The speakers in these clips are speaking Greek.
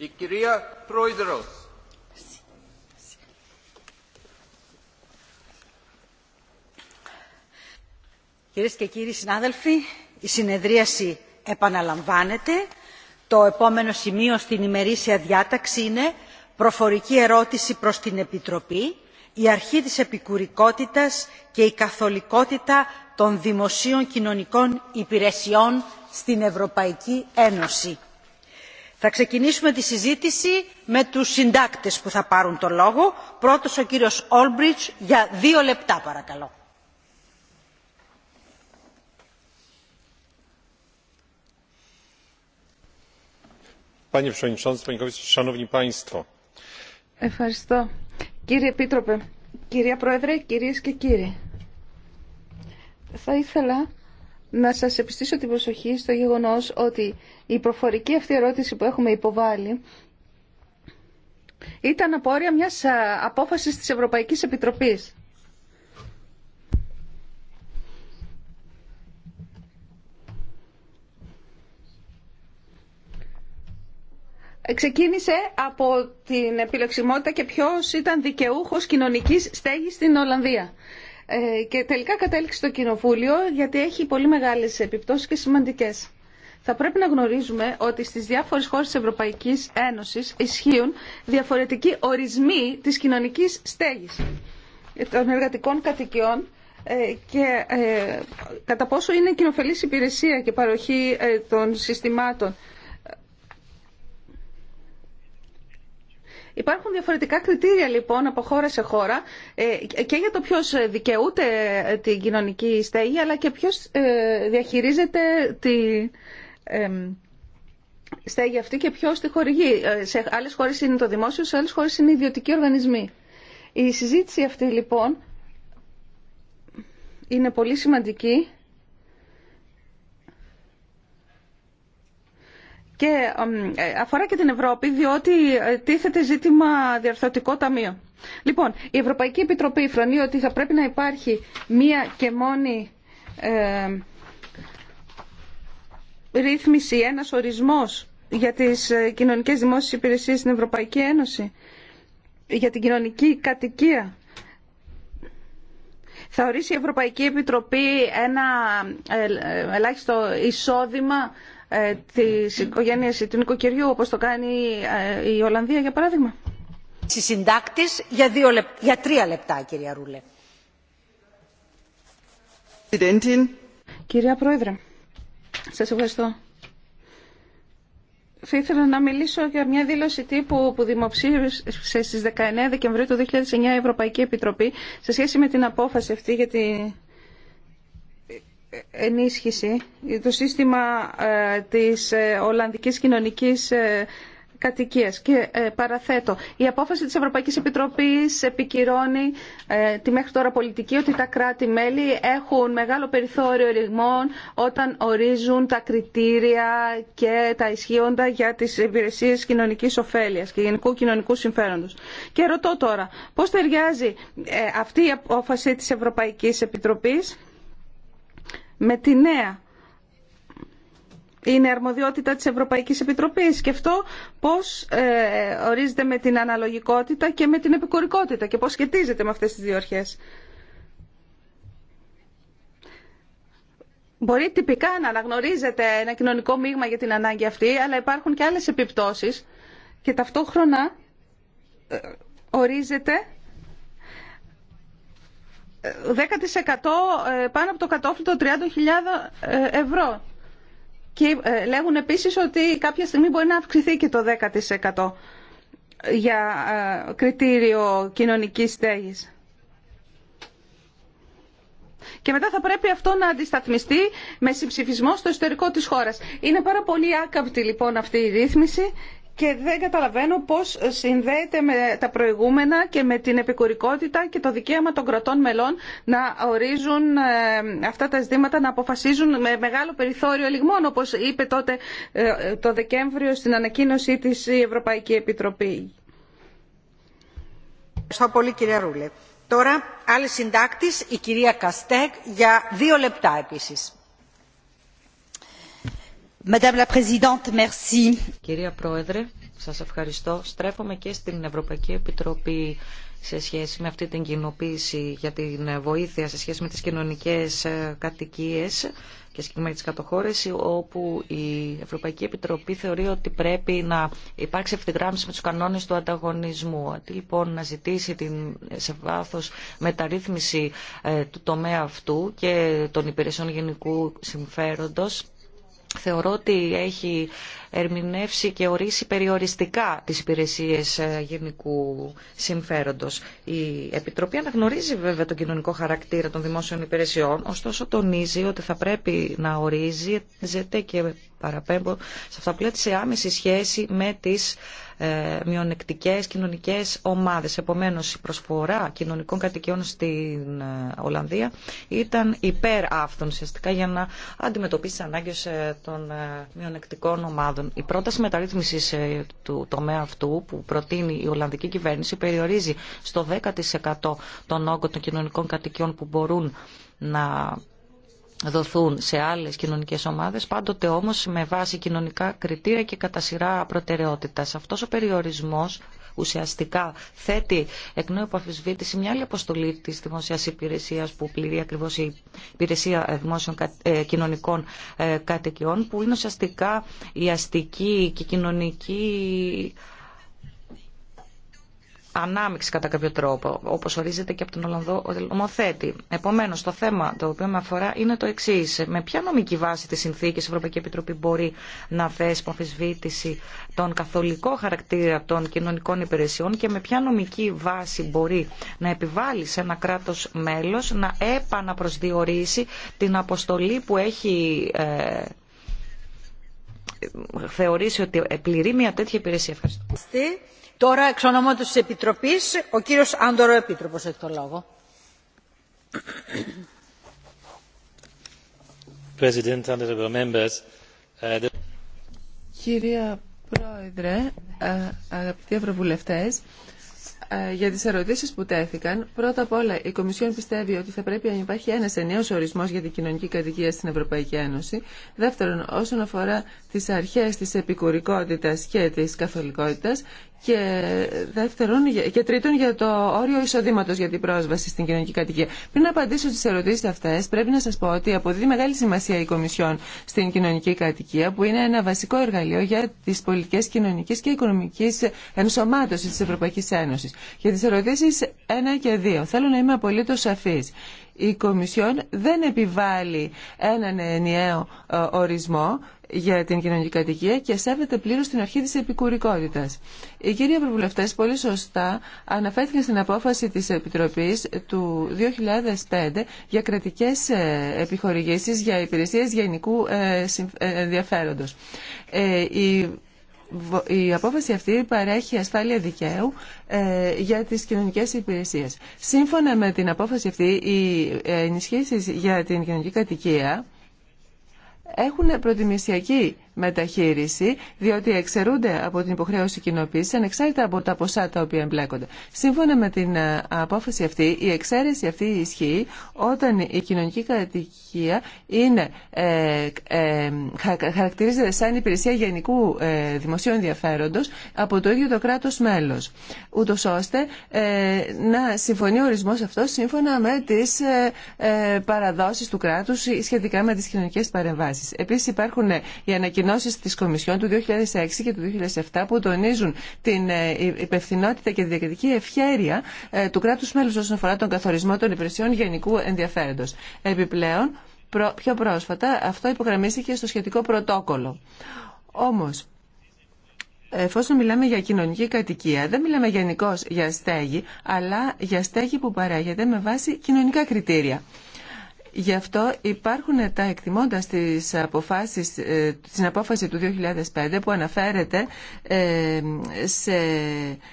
Η κυρία Πρόεδρος. Κυρίες και κύριοι συνάδελφοι, η συνεδρίαση επαναλαμβάνεται. Το επόμενο σημείο στην ημερήσια διάταξη είναι προφορική ερώτηση προς την Επιτροπή, η αρχή της επικουρικότητας και η καθολικότητα των δημοσίων κοινωνικών υπηρεσιών στην Ευρωπαϊκή Ένωση. Θα ξεκινήσουμε τη συζήτηση με τους συντάκτες που θα πάρουν το λόγο. Πρώτος ο κύριος Όλμπριτς για δύο λεπτά παρακαλώ. Ευχαριστώ. Κύριε Επίτροπε, κυρία Πρόεδρε, κυρίες και κύριοι. Θα ήθελα να σας επιστήσω την προσοχή στο γεγονός ότι η προφορική αυτή ερώτηση που έχουμε υποβάλει ήταν απόρρια μιας απόφασης της Ευρωπαϊκής Επιτροπής. Ξεκίνησε από την επιλεξιμότητα και ποιος ήταν δικαιούχος κοινωνικής στέγης στην Ολλανδία. Ε, και τελικά κατέληξε το Κοινοβούλιο γιατί έχει πολύ μεγάλες επιπτώσεις και σημαντικές. Θα πρέπει να γνωρίζουμε ότι στις διάφορες χώρες της Ευρωπαϊκής Ένωσης ισχύουν διαφορετικοί ορισμοί της κοινωνικής στέγης ε, των εργατικών κατοικιών ε, και κατά πόσο είναι κοινοφελής υπηρεσία και παροχή των συστημάτων Υπάρχουν διαφορετικά κριτήρια λοιπόν από χώρα σε χώρα ε, και για το ποιο δικαιούται ε, την κοινωνική στέγη αλλά και ποιος ε, διαχειρίζεται τη στέγη αυτή και ποιο τη χορηγεί. Σε άλλες χώρες είναι το δημόσιο, σε άλλες χώρες είναι ιδιωτικοί οργανισμοί. Η συζήτηση αυτή λοιπόν είναι πολύ σημαντική και ε, αφορά και την Ευρώπη διότι ε, τίθεται ζήτημα διαρθρωτικό ταμείο. Λοιπόν, η Ευρωπαϊκή Επιτροπή φρονεί ότι θα πρέπει να υπάρχει μία και μόνη ε, ρύθμιση, ένας ορισμός για τις ε, κοινωνικές δημόσιες υπηρεσίες στην Ευρωπαϊκή Ένωση, για την κοινωνική κατοικία. Θα ορίσει η Ευρωπαϊκή Επιτροπή ένα ελάχιστο εισόδημα ε, της οικογένειας του νοικοκυριού όπως το κάνει ε, η Ολλανδία για παράδειγμα. Συντάκτη για, για τρία λεπτά κυρία Ρούλε. Κυρία Πρόεδρε, σας ευχαριστώ. Θα ήθελα να μιλήσω για μια δήλωση τύπου που δημοψήφισε στις 19 Δεκεμβρίου του 2009 η Ευρωπαϊκή Επιτροπή σε σχέση με την απόφαση αυτή για την ενίσχυση το σύστημα ε, της ε, Ολλανδικής Κοινωνικής ε, Κατοικίας. Και παραθέτω, η απόφαση της Ευρωπαϊκής Επιτροπής επικυρώνει τη μέχρι τώρα πολιτική ότι τα κράτη-μέλη έχουν μεγάλο περιθώριο ρηγμών όταν ορίζουν τα κριτήρια και τα ισχύοντα για τις υπηρεσίες κοινωνικής ωφέλειας και γενικού κοινωνικού συμφέροντος. Και ρωτώ τώρα, πώς ταιριάζει αυτή η απόφαση της Ευρωπαϊκής Επιτροπής με τη νέα. Είναι αρμοδιότητα της Ευρωπαϊκής Επιτροπής και αυτό πώς ε, ορίζεται με την αναλογικότητα και με την επικορικότητα και πώς σχετίζεται με αυτές τις δύο αρχές. Μπορεί τυπικά να αναγνωρίζεται ένα κοινωνικό μείγμα για την ανάγκη αυτή, αλλά υπάρχουν και άλλες επιπτώσεις και ταυτόχρονα ε, ορίζεται 10% ε, πάνω από το κατόφλι των 30.000 ε, ευρώ. Και ε, λέγουν επίσης ότι κάποια στιγμή μπορεί να αυξηθεί και το 10% για κριτήριο κοινωνικής στέγης. Και μετά θα πρέπει αυτό να αντισταθμιστεί με συμψηφισμό στο εσωτερικό της χώρας. Είναι πάρα πολύ άκαμπτη λοιπόν αυτή η ρύθμιση και δεν καταλαβαίνω πώς συνδέεται με τα προηγούμενα και με την επικουρικότητα και το δικαίωμα των κρατών μελών να ορίζουν ε, αυτά τα ζητήματα, να αποφασίζουν με μεγάλο περιθώριο ελιγμών, όπως είπε τότε ε, το Δεκέμβριο στην ανακοίνωσή της η Ευρωπαϊκή Επιτροπή. Ευχαριστώ πολύ κυρία Ρούλε. Τώρα άλλη συντάκτης, η κυρία Καστέκ, για δύο λεπτά επίσης. Κυρία Πρόεδρε, σας ευχαριστώ. Στρέφομαι και στην Ευρωπαϊκή Επιτροπή σε σχέση με αυτή την κοινοποίηση για την βοήθεια σε σχέση με τις κοινωνικές ε, κατοικίες και συγκεκριμένα τις κατοχώρες όπου η Ευρωπαϊκή Επιτροπή θεωρεί ότι πρέπει να υπάρξει ευθυγράμμιση με τους κανόνες του ανταγωνισμού. Αντί λοιπόν να ζητήσει την, σε βάθος μεταρρύθμιση ε, του τομέα αυτού και των υπηρεσιών γενικού συμφέροντος θεωρώ ότι έχει ερμηνεύσει και ορίσει περιοριστικά τις υπηρεσίες ε, γενικού συμφέροντος. Η Επιτροπή αναγνωρίζει βέβαια τον κοινωνικό χαρακτήρα των δημόσιων υπηρεσιών, ωστόσο τονίζει ότι θα πρέπει να ορίζεται και παραπέμπω σε αυτά που λέτε σε άμεση σχέση με τις ε, μειονεκτικές κοινωνικές ομάδες. Επομένως η προσφορά κοινωνικών κατοικιών στην ε, Ολλανδία ήταν υπέρ αυτών ουσιαστικά για να αντιμετωπίσει τις ανάγκες ε, των ε, μειονεκτικών ομάδων. Η πρόταση μεταρρύθμισης του τομέα αυτού που προτείνει η Ολλανδική κυβέρνηση περιορίζει στο 10% τον όγκο των κοινωνικών κατοικιών που μπορούν να δοθούν σε άλλες κοινωνικές ομάδες, πάντοτε όμως με βάση κοινωνικά κριτήρια και κατά σειρά προτεραιότητας. Αυτός ο περιορισμός ουσιαστικά θέτει εκ νέου αφισβήτηση μια άλλη αποστολή τη δημοσία υπηρεσία που πληρεί ακριβώ η υπηρεσία δημόσιων ε, κοινωνικών ε, κατοικιών, που είναι ουσιαστικά η αστική και κοινωνική ανάμειξη κατά κάποιο τρόπο, όπως ορίζεται και από τον Ολλανδό νομοθέτη. Επομένως, το θέμα το οποίο με αφορά είναι το εξή. Με ποια νομική βάση τη συνθήκη η Ευρωπαϊκή Επιτροπή μπορεί να θέσει αμφισβήτηση τον καθολικό χαρακτήρα των κοινωνικών υπηρεσιών και με ποια νομική βάση μπορεί να επιβάλλει σε ένα κράτος μέλος να επαναπροσδιορίσει την αποστολή που έχει ε, θεωρήσει ότι πληρεί μια τέτοια υπηρεσία. Ευχαριστώ. Τώρα, εξ ονομάτου της Επιτροπής, ο κύριος Άντορο Επίτροπος έχει το λόγο. Uh, Κυρία Πρόεδρε, ε, αγαπητοί Ευρωβουλευτές, ε, για τις ερωτήσεις που τέθηκαν, πρώτα απ' όλα η Κομισιόν πιστεύει ότι θα πρέπει να υπάρχει ένας ενιαίος ορισμός για την κοινωνική κατοικία στην Ευρωπαϊκή Ένωση. Δεύτερον, όσον αφορά τις αρχές της επικουρικότητας και της καθολικότητας, και, δεύτερον, και τρίτον για το όριο εισοδήματο για την πρόσβαση στην κοινωνική κατοικία. Πριν απαντήσω στι ερωτήσει αυτέ, πρέπει να σα πω ότι αποδίδει μεγάλη σημασία η Κομισιόν στην κοινωνική κατοικία, που είναι ένα βασικό εργαλείο για τι πολιτικέ κοινωνική και οικονομική ενσωμάτωση τη Ευρωπαϊκή Ένωση. Για τι ερωτήσει 1 και 2, θέλω να είμαι απολύτω σαφή. Η Κομισιόν δεν επιβάλλει έναν ενιαίο ε, ορισμό για την κοινωνική κατοικία και σέβεται πλήρω την αρχή τη επικουρικότητα. Οι κύριοι Ευρωβουλευτέ πολύ σωστά αναφέρθηκαν στην απόφαση τη Επιτροπή του 2005 για κρατικέ ε, επιχορηγήσει για υπηρεσίε γενικού ε, ε, ενδιαφέροντο. Η απόφαση αυτή παρέχει ασφάλεια δικαίου για τις κοινωνικές υπηρεσίες. Σύμφωνα με την απόφαση αυτή, οι ενισχύσεις για την κοινωνική κατοικία έχουν προτιμησιακή μεταχείριση, διότι εξαιρούνται από την υποχρέωση κοινοποίηση ανεξάρτητα από τα ποσά τα οποία εμπλέκονται. Σύμφωνα με την ε, απόφαση αυτή, η εξαίρεση αυτή ισχύει όταν η κοινωνική κατοικία είναι, ε, ε χαρακτηρίζεται σαν υπηρεσία γενικού ε, δημοσίου ενδιαφέροντο από το ίδιο το κράτο μέλο, Ούτω ώστε να συμφωνεί ο ορισμό αυτό σύμφωνα με τις παραδόσεις του κράτου σχετικά με τι κοινωνικέ παρεμβάσει. Επίσης υπάρχουν οι ανακοινώσει τη Κομισιόν του 2006 και του 2007 που τονίζουν την ε, υπευθυνότητα και τη διακριτική ευχέρεια ε, του κράτους μέλους όσον αφορά τον καθορισμό των υπηρεσιών γενικού ενδιαφέροντος. Επιπλέον, πιο πρόσφατα, αυτό υπογραμμίστηκε στο σχετικό πρωτόκολλο. Όμως, Εφόσον μιλάμε για κοινωνική κατοικία, δεν μιλάμε γενικώ για στέγη, αλλά για στέγη που παράγεται με βάση κοινωνικά κριτήρια. Γι' αυτό υπάρχουν τα εκτιμώντα στις αποφάσεις, στην ε, απόφαση του 2005 που αναφέρεται ε, σε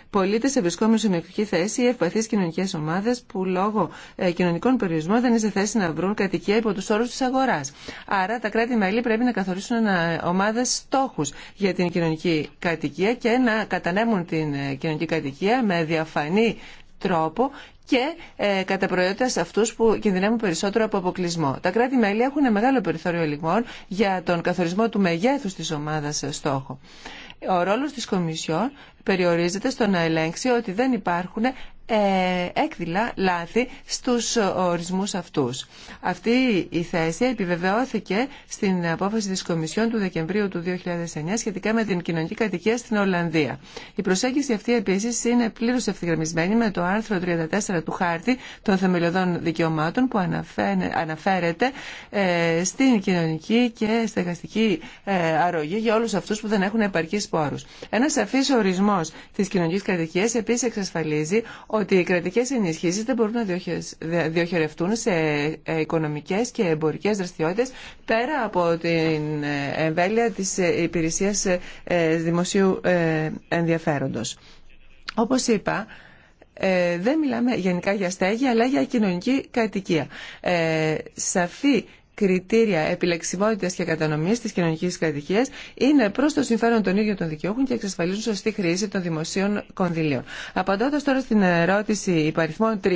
πολίτες σε βρισκόμενους σε μικρική θέση ή ευπαθείς κοινωνικές ομάδες που λόγω ε, κοινωνικών περιορισμών δεν είναι σε θέση να βρουν κατοικία υπό τους όρους της αγοράς. Άρα τα κράτη-μέλη πρέπει να καθορίσουν ομάδες στόχους για την κοινωνική κατοικία και να κατανέμουν την κοινωνική κατοικία με διαφανή τρόπο και ε, κατά προϊόντα σε αυτού που κινδυνεύουν περισσότερο από αποκλεισμό. Τα κράτη-μέλη έχουν μεγάλο περιθώριο λιγμών για τον καθορισμό του μεγέθου τη ομάδα στόχο. Ο ρόλος της Κομισιόν περιορίζεται στο να ελέγξει ότι δεν υπάρχουν ε, έκδηλα λάθη στους ορισμούς αυτούς. Αυτή η θέση επιβεβαιώθηκε στην απόφαση της Κομισιόν του Δεκεμβρίου του 2009 σχετικά με την κοινωνική κατοικία στην Ολλανδία. Η προσέγγιση αυτή επίσης είναι πλήρως ευθυγραμμισμένη με το άρθρο 34 του Χάρτη των Θεμελιωδών Δικαιωμάτων που αναφέρεται ε, στην κοινωνική και στεγαστική ε, αρρωγή για όλους αυτούς που δεν έχουν επαρκείς πόρους. Ένας σαφής ορισμό κανονισμός της κοινωνικής επίση επίσης εξασφαλίζει ότι οι κρατικέ ενισχύσει δεν μπορούν να διοχερευτούν σε ε, οικονομικέ και εμπορικέ δραστηριότητε, πέρα από την ε, εμβέλεια τη ε, υπηρεσία δημοσίου ενδιαφέροντο. Όπως είπα, δεν μιλάμε γενικά για στέγη αλλά για κοινωνική κατοικία. Ε, σαφή κριτήρια επιλεξιμότητας και κατανομής τη κοινωνική κατοικία είναι προ το συμφέρον των ίδιων των δικαιούχων και εξασφαλίζουν σωστή χρήση των δημοσίων κονδυλίων. Απαντώντας τώρα στην ερώτηση υπαριθμών 3,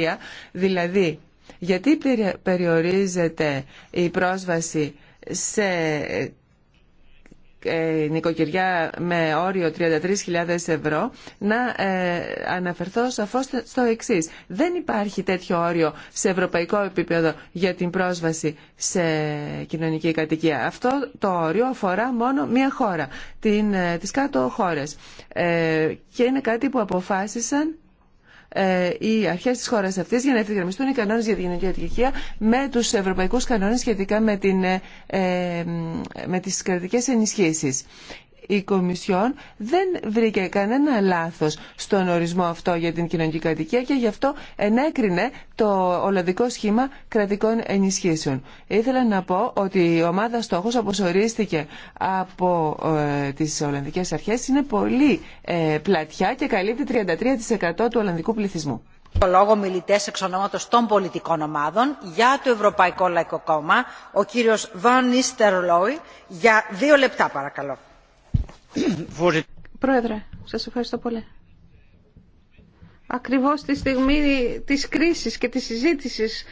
δηλαδή γιατί περιορίζεται η πρόσβαση σε ε, νοικοκυριά με όριο 33.000 ευρώ να ε, αναφερθώ σαφώς στο εξής. Δεν υπάρχει τέτοιο όριο σε ευρωπαϊκό επίπεδο για την πρόσβαση σε κοινωνική κατοικία. Αυτό το όριο αφορά μόνο μία χώρα, την, ε, τις κάτω χώρες. και είναι κάτι που αποφάσισαν ε, οι αρχές της χώρας αυτής για να ευθυγραμμιστούν οι κανόνες για τη γενική ατυχία με τους ευρωπαϊκούς κανόνες σχετικά με, την, ε, ε, με τις κρατικές ενισχύσεις η Κομισιόν δεν βρήκε κανένα λάθος στον ορισμό αυτό για την κοινωνική κατοικία και γι' αυτό ενέκρινε το Ολλανδικό Σχήμα Κρατικών Ενισχύσεων. Ήθελα να πω ότι η ομάδα στόχος αποσορίστηκε από ε, τις Ολλανδικές Αρχές είναι πολύ ε, πλατιά και καλύπτει 33% του Ολλανδικού πληθυσμού. Το λόγο μιλητέ εξ ονόματο των πολιτικών ομάδων για το Ευρωπαϊκό Λαϊκό Κόμμα, ο κύριο Βαν για δύο λεπτά παρακαλώ. Πρόεδρε, σας ευχαριστώ πολύ. Ακριβώς τη στιγμή της κρίσης και της συζήτησης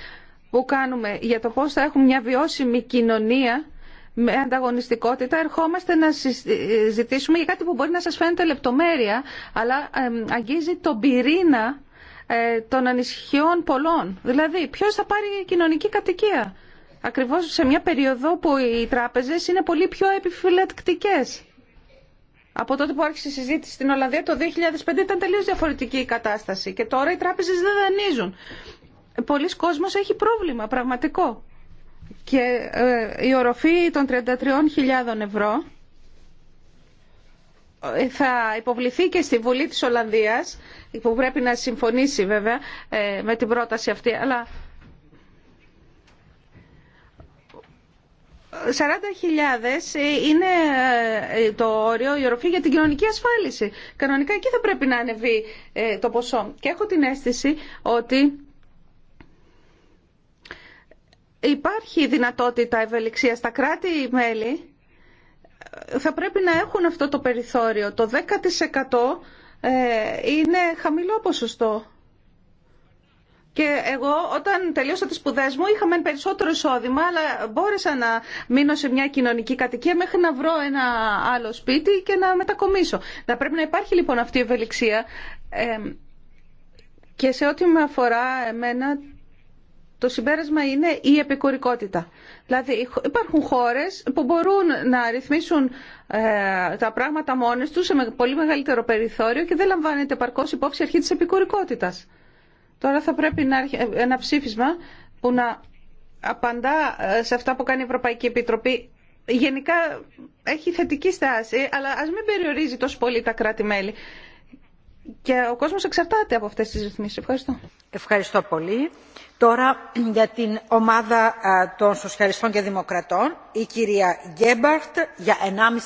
που κάνουμε για το πώς θα έχουμε μια βιώσιμη κοινωνία με ανταγωνιστικότητα, ερχόμαστε να συζητήσουμε για κάτι που μπορεί να σας φαίνεται λεπτομέρεια, αλλά αγγίζει τον πυρήνα ε, των ανησυχιών πολλών. Δηλαδή, ποιος θα πάρει κοινωνική κατοικία. Ακριβώς σε μια περίοδο που οι τράπεζες είναι πολύ πιο επιφυλακτικές από τότε που άρχισε η συζήτηση στην Ολλανδία το 2005 ήταν τελείως διαφορετική η κατάσταση και τώρα οι τράπεζες δεν δανείζουν. Πολλοί κόσμος έχει πρόβλημα πραγματικό. Και ε, η οροφή των 33.000 ευρώ ε, θα υποβληθεί και στη Βουλή της Ολλανδίας που πρέπει να συμφωνήσει βέβαια ε, με την πρόταση αυτή αλλά 40.000 είναι ε, το όριο, η οροφή για την κοινωνική ασφάλιση. Κανονικά εκεί θα πρέπει να ανεβεί ε, το ποσό. Και έχω την αίσθηση ότι υπάρχει δυνατότητα ευελιξία στα κράτη-μέλη. Ε, θα πρέπει να έχουν αυτό το περιθώριο. Το 10% είναι χαμηλό ποσοστό. Και εγώ όταν τελείωσα τις σπουδέ μου είχα ένα περισσότερο εισόδημα, αλλά μπόρεσα να μείνω σε μια κοινωνική κατοικία μέχρι να βρω ένα άλλο σπίτι και να μετακομίσω. Να πρέπει να υπάρχει λοιπόν αυτή η ευελιξία. Ε, και σε ό,τι με αφορά εμένα, το συμπέρασμα είναι η επικουρικότητα. Δηλαδή υπάρχουν χώρες που μπορούν να ρυθμίσουν ε, τα πράγματα μόνες τους σε πολύ μεγαλύτερο περιθώριο και δεν λαμβάνεται παρκώς υπόψη αρχή της επικουρικότητας. Τώρα θα πρέπει να έρχεται ένα ψήφισμα που να απαντά ε, σε αυτά που κάνει η Ευρωπαϊκή Επιτροπή. Γενικά έχει θετική στάση, αλλά ας μην περιορίζει τόσο πολύ τα κράτη-μέλη. Και ο κόσμος εξαρτάται από αυτές τις ρυθμίσεις. Ευχαριστώ. Ευχαριστώ πολύ. Τώρα για την ομάδα ε, των Σοσιαλιστών και Δημοκρατών, η κυρία Γκέμπαρτ για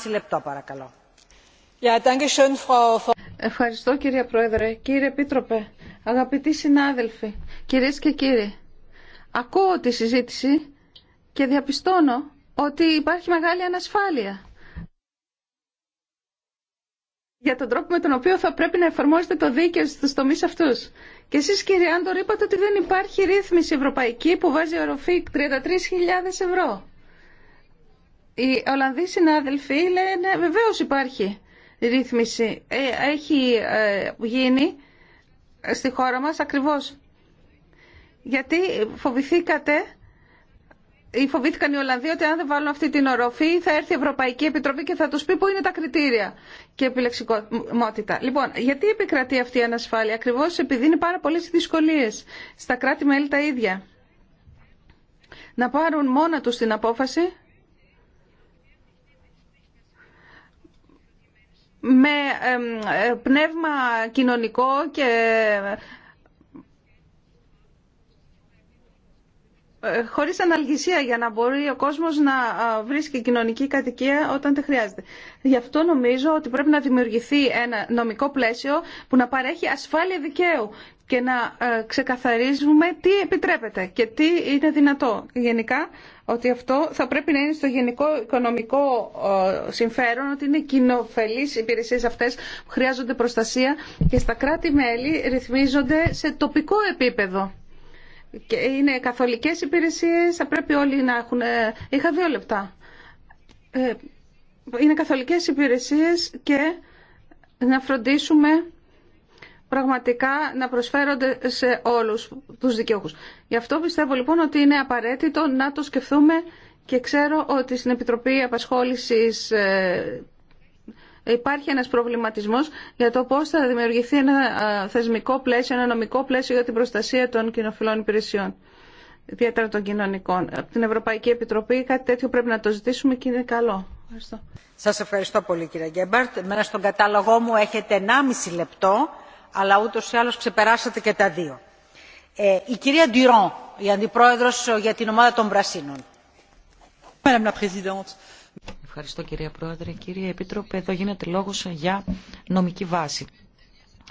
1,5 λεπτό παρακαλώ. Ευχαριστώ κυρία Πρόεδρε. Κύριε Επίτροπε, Αγαπητοί συνάδελφοι, κυρίες και κύριοι, ακούω τη συζήτηση και διαπιστώνω ότι υπάρχει μεγάλη ανασφάλεια για τον τρόπο με τον οποίο θα πρέπει να εφαρμόσετε το δίκαιο στους τομείς αυτούς. Και εσείς κύριε Άντορ είπατε ότι δεν υπάρχει ρύθμιση ευρωπαϊκή που βάζει οροφή 33.000 ευρώ. Οι Ολλανδοί συνάδελφοι λένε βεβαίως υπάρχει ρύθμιση. Ε, έχει ε, γίνει στη χώρα μας ακριβώς. Γιατί φοβηθήκατε ή φοβήθηκαν οι Ολλανδοί ότι αν δεν βάλουν αυτή την οροφή θα έρθει η Ευρωπαϊκή Επιτροπή και θα τους πει πού είναι τα κριτήρια και επιλεξικότητα. Λοιπόν, γιατί επικρατεί αυτή η ανασφάλεια ακριβώς επειδή είναι πάρα πολλές δυσκολίες στα κράτη-μέλη τα ίδια. Να πάρουν μόνα τους την απόφαση με ε, πνεύμα κοινωνικό και Ε, χωρίς αναλγησία για να μπορεί ο κόσμος να βρίσκει κοινωνική κατοικία όταν τη χρειάζεται. Γι' αυτό νομίζω ότι πρέπει να δημιουργηθεί ένα νομικό πλαίσιο που να παρέχει ασφάλεια δικαίου και να ε, ξεκαθαρίζουμε τι επιτρέπεται και τι είναι δυνατό. Γενικά ότι αυτό θα πρέπει να είναι στο γενικό οικονομικό ε, συμφέρον, ότι είναι κοινοφελείς υπηρεσίες αυτές που χρειάζονται προστασία και στα κράτη-μέλη ρυθμίζονται σε τοπικό επίπεδο και είναι καθολικές υπηρεσίες, θα πρέπει όλοι να έχουν... Ε, είχα δύο λεπτά. Ε, είναι καθολικές υπηρεσίες και να φροντίσουμε πραγματικά να προσφέρονται σε όλους τους δικαιούχους. Γι' αυτό πιστεύω λοιπόν ότι είναι απαραίτητο να το σκεφτούμε και ξέρω ότι στην Επιτροπή Απασχόλησης ε, υπάρχει ένας προβληματισμός για το πώς θα δημιουργηθεί ένα θεσμικό πλαίσιο, ένα νομικό πλαίσιο για την προστασία των κοινοφιλών υπηρεσιών, ιδιαίτερα των κοινωνικών. Από την Ευρωπαϊκή Επιτροπή κάτι τέτοιο πρέπει να το ζητήσουμε και είναι καλό. Ευχαριστώ. Σας ευχαριστώ πολύ κύριε Γκέμπαρτ. Μένα στον κατάλογό μου έχετε 1,5 λεπτό, αλλά ούτως ή άλλως ξεπεράσατε και τα δύο. Ε, η κυρία Ντυρόν, η αντιπρόεδρος για την ομάδα των Πρασίνων. Madame la Présidente, Ευχαριστώ κυρία Πρόεδρε. Κύριε Επίτροπε, εδώ γίνεται λόγος για νομική βάση.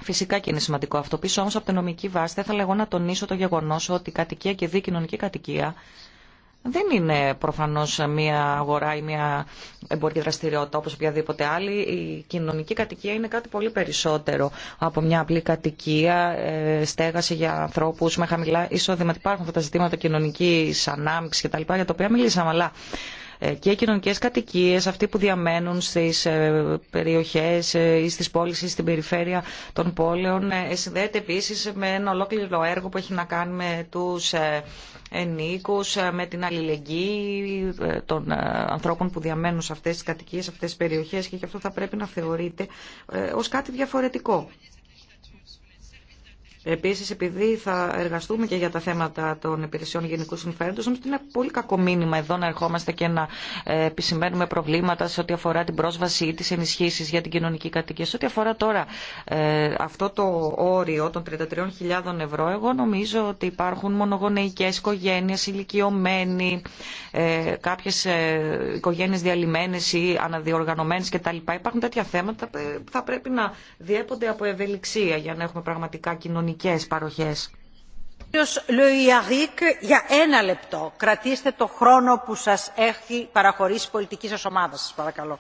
Φυσικά και είναι σημαντικό αυτό. Πίσω όμως από την νομική βάση θα ήθελα εγώ να τονίσω το γεγονός ότι η κατοικία και η κοινωνική κατοικία δεν είναι προφανώ μια αγορά ή μια εμπορική δραστηριότητα όπως οποιαδήποτε άλλη. Η κοινωνική κατοικία είναι κάτι πολύ περισσότερο από μια εμπορικη δραστηριοτητα οπω οποιαδηποτε αλλη η κατοικία, ε, στέγαση για ανθρώπους με χαμηλά εισόδημα. Υπάρχουν αυτά τα ζητήματα κοινωνική ανάμειξη κτλ. για τα οποία μιλήσαμε, αλλά ε, και κοινωνικές κατοικίες, αυτοί που διαμένουν στις ε, περιοχές ε, ή στις πόλεις ή στην περιφέρεια των πόλεων. Συνδέεται επίσης με ένα ολόκληρο έργο που έχει να κάνει με τους ενίκους, με την αλληλεγγύη των ανθρώπων που διαμένουν σε αυτές τις κατοικίες, σε αυτές τις περιοχές και γι' αυτό θα πρέπει να θεωρείται ως κάτι διαφορετικό Επίση, επειδή θα εργαστούμε και για τα θέματα των υπηρεσιών γενικού συμφέροντο, νομίζω ότι είναι πολύ κακό μήνυμα εδώ να ερχόμαστε και να ε, επισημαίνουμε προβλήματα σε ό,τι αφορά την πρόσβαση ή τι ενισχύσει για την κοινωνική κατοικία. Σε ό,τι αφορά τώρα ε, αυτό το όριο των 33.000 ευρώ, εγώ νομίζω ότι υπάρχουν μονογονεϊκέ οικογένειε, ηλικιωμένοι, ε, κάποιε ε, οικογένειε διαλυμένε ή αναδιοργανωμένε κτλ. Υπάρχουν τέτοια θέματα που ε, θα πρέπει να διέπονται από ευελιξία για να έχουμε πραγματικά κοινωνική κοινωνικές παροχές. Κύριος Λεϊαρίκ, για ένα λεπτό. Κρατήστε το χρόνο που σας έχει παραχωρήσει η πολιτική σας ομάδα, σα παρακαλώ.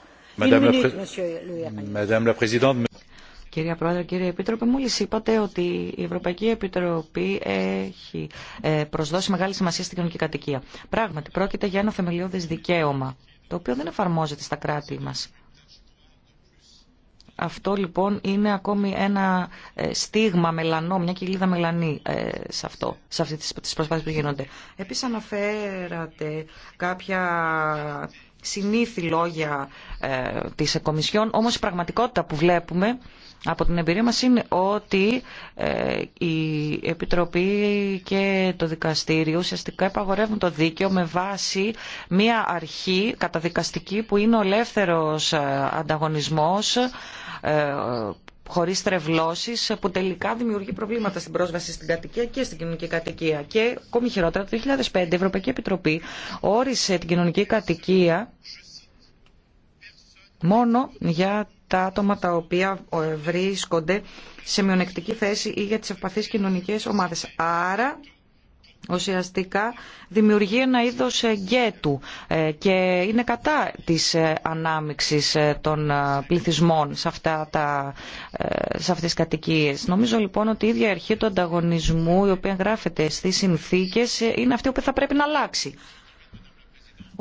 Κυρία Πρόεδρε, κύριε Επίτροπε, μόλι είπατε ότι η Ευρωπαϊκή Επιτροπή έχει ε, προσδώσει μεγάλη σημασία στην κοινωνική κατοικία. Πράγματι, πρόκειται για ένα θεμελιώδες δικαίωμα, το οποίο δεν εφαρμόζεται στα κράτη μας. Αυτό λοιπόν είναι ακόμη ένα ε, στίγμα μελανό, μια κοιλίδα μελανή ε, σε, αυτό, σε αυτές τις προσπάθειες που γίνονται. Επίσης αναφέρατε κάποια συνήθη λόγια ε, της Κομισιόν, όμως η πραγματικότητα που βλέπουμε από την εμπειρία μας είναι ότι ε, η Επιτροπή και το Δικαστήριο ουσιαστικά επαγορεύουν το δίκαιο με βάση μια αρχή καταδικαστική που είναι ο ελεύθερος ε, ανταγωνισμός ε, χωρίς τρευλώσεις που τελικά δημιουργεί προβλήματα στην πρόσβαση στην κατοικία και στην κοινωνική κατοικία. Και ακόμη χειρότερα, το 2005 η Ευρωπαϊκή Επιτροπή όρισε την κοινωνική κατοικία μόνο για τα άτομα τα οποία ε, βρίσκονται σε μειονεκτική θέση ή για τις ευπαθείς κοινωνικές ομάδες. Άρα ουσιαστικά δημιουργεί ένα είδος ε, γκέτου ε, και είναι κατά της ανάμειξης των πληθυσμών σε, αυτά τα, σε αυτές τις κατοικίες. Νομίζω λοιπόν ότι η ίδια αρχή του ανταγωνισμού η οποία γράφεται στις συνθήκες είναι αυτή που θα πρέπει να αλλάξει.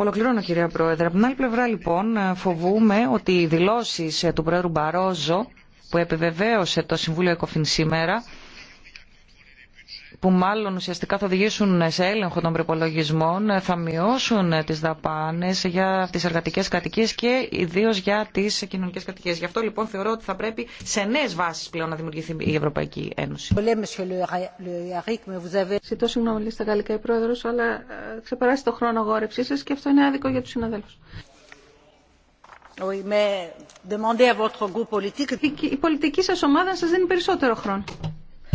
Ολοκληρώνω κυρία Πρόεδρε. Από την άλλη πλευρά λοιπόν φοβούμε ότι οι δηλώσεις του Πρόεδρου Μπαρόζο που επιβεβαίωσε το Συμβούλιο ΕΚΟΦΗΝ σήμερα που μάλλον ουσιαστικά θα οδηγήσουν σε έλεγχο των προπολογισμών, θα μειώσουν τι δαπάνε για τι εργατικέ κατοικίε και ιδίω για τι κοινωνικέ κατοικίε. Γι' αυτό λοιπόν θεωρώ ότι θα πρέπει σε νέε βάσει πλέον να δημιουργηθεί η Ευρωπαϊκή Ένωση. Ζητώ συγγνώμη, λέει στα γαλλικά η πρόεδρο, αλλά ε, ξεπεράσει το χρόνο γόρευσή σα και αυτό είναι άδικο για του συναδέλφου. Η πολιτική σα ομάδα σα δίνει περισσότερο χρόνο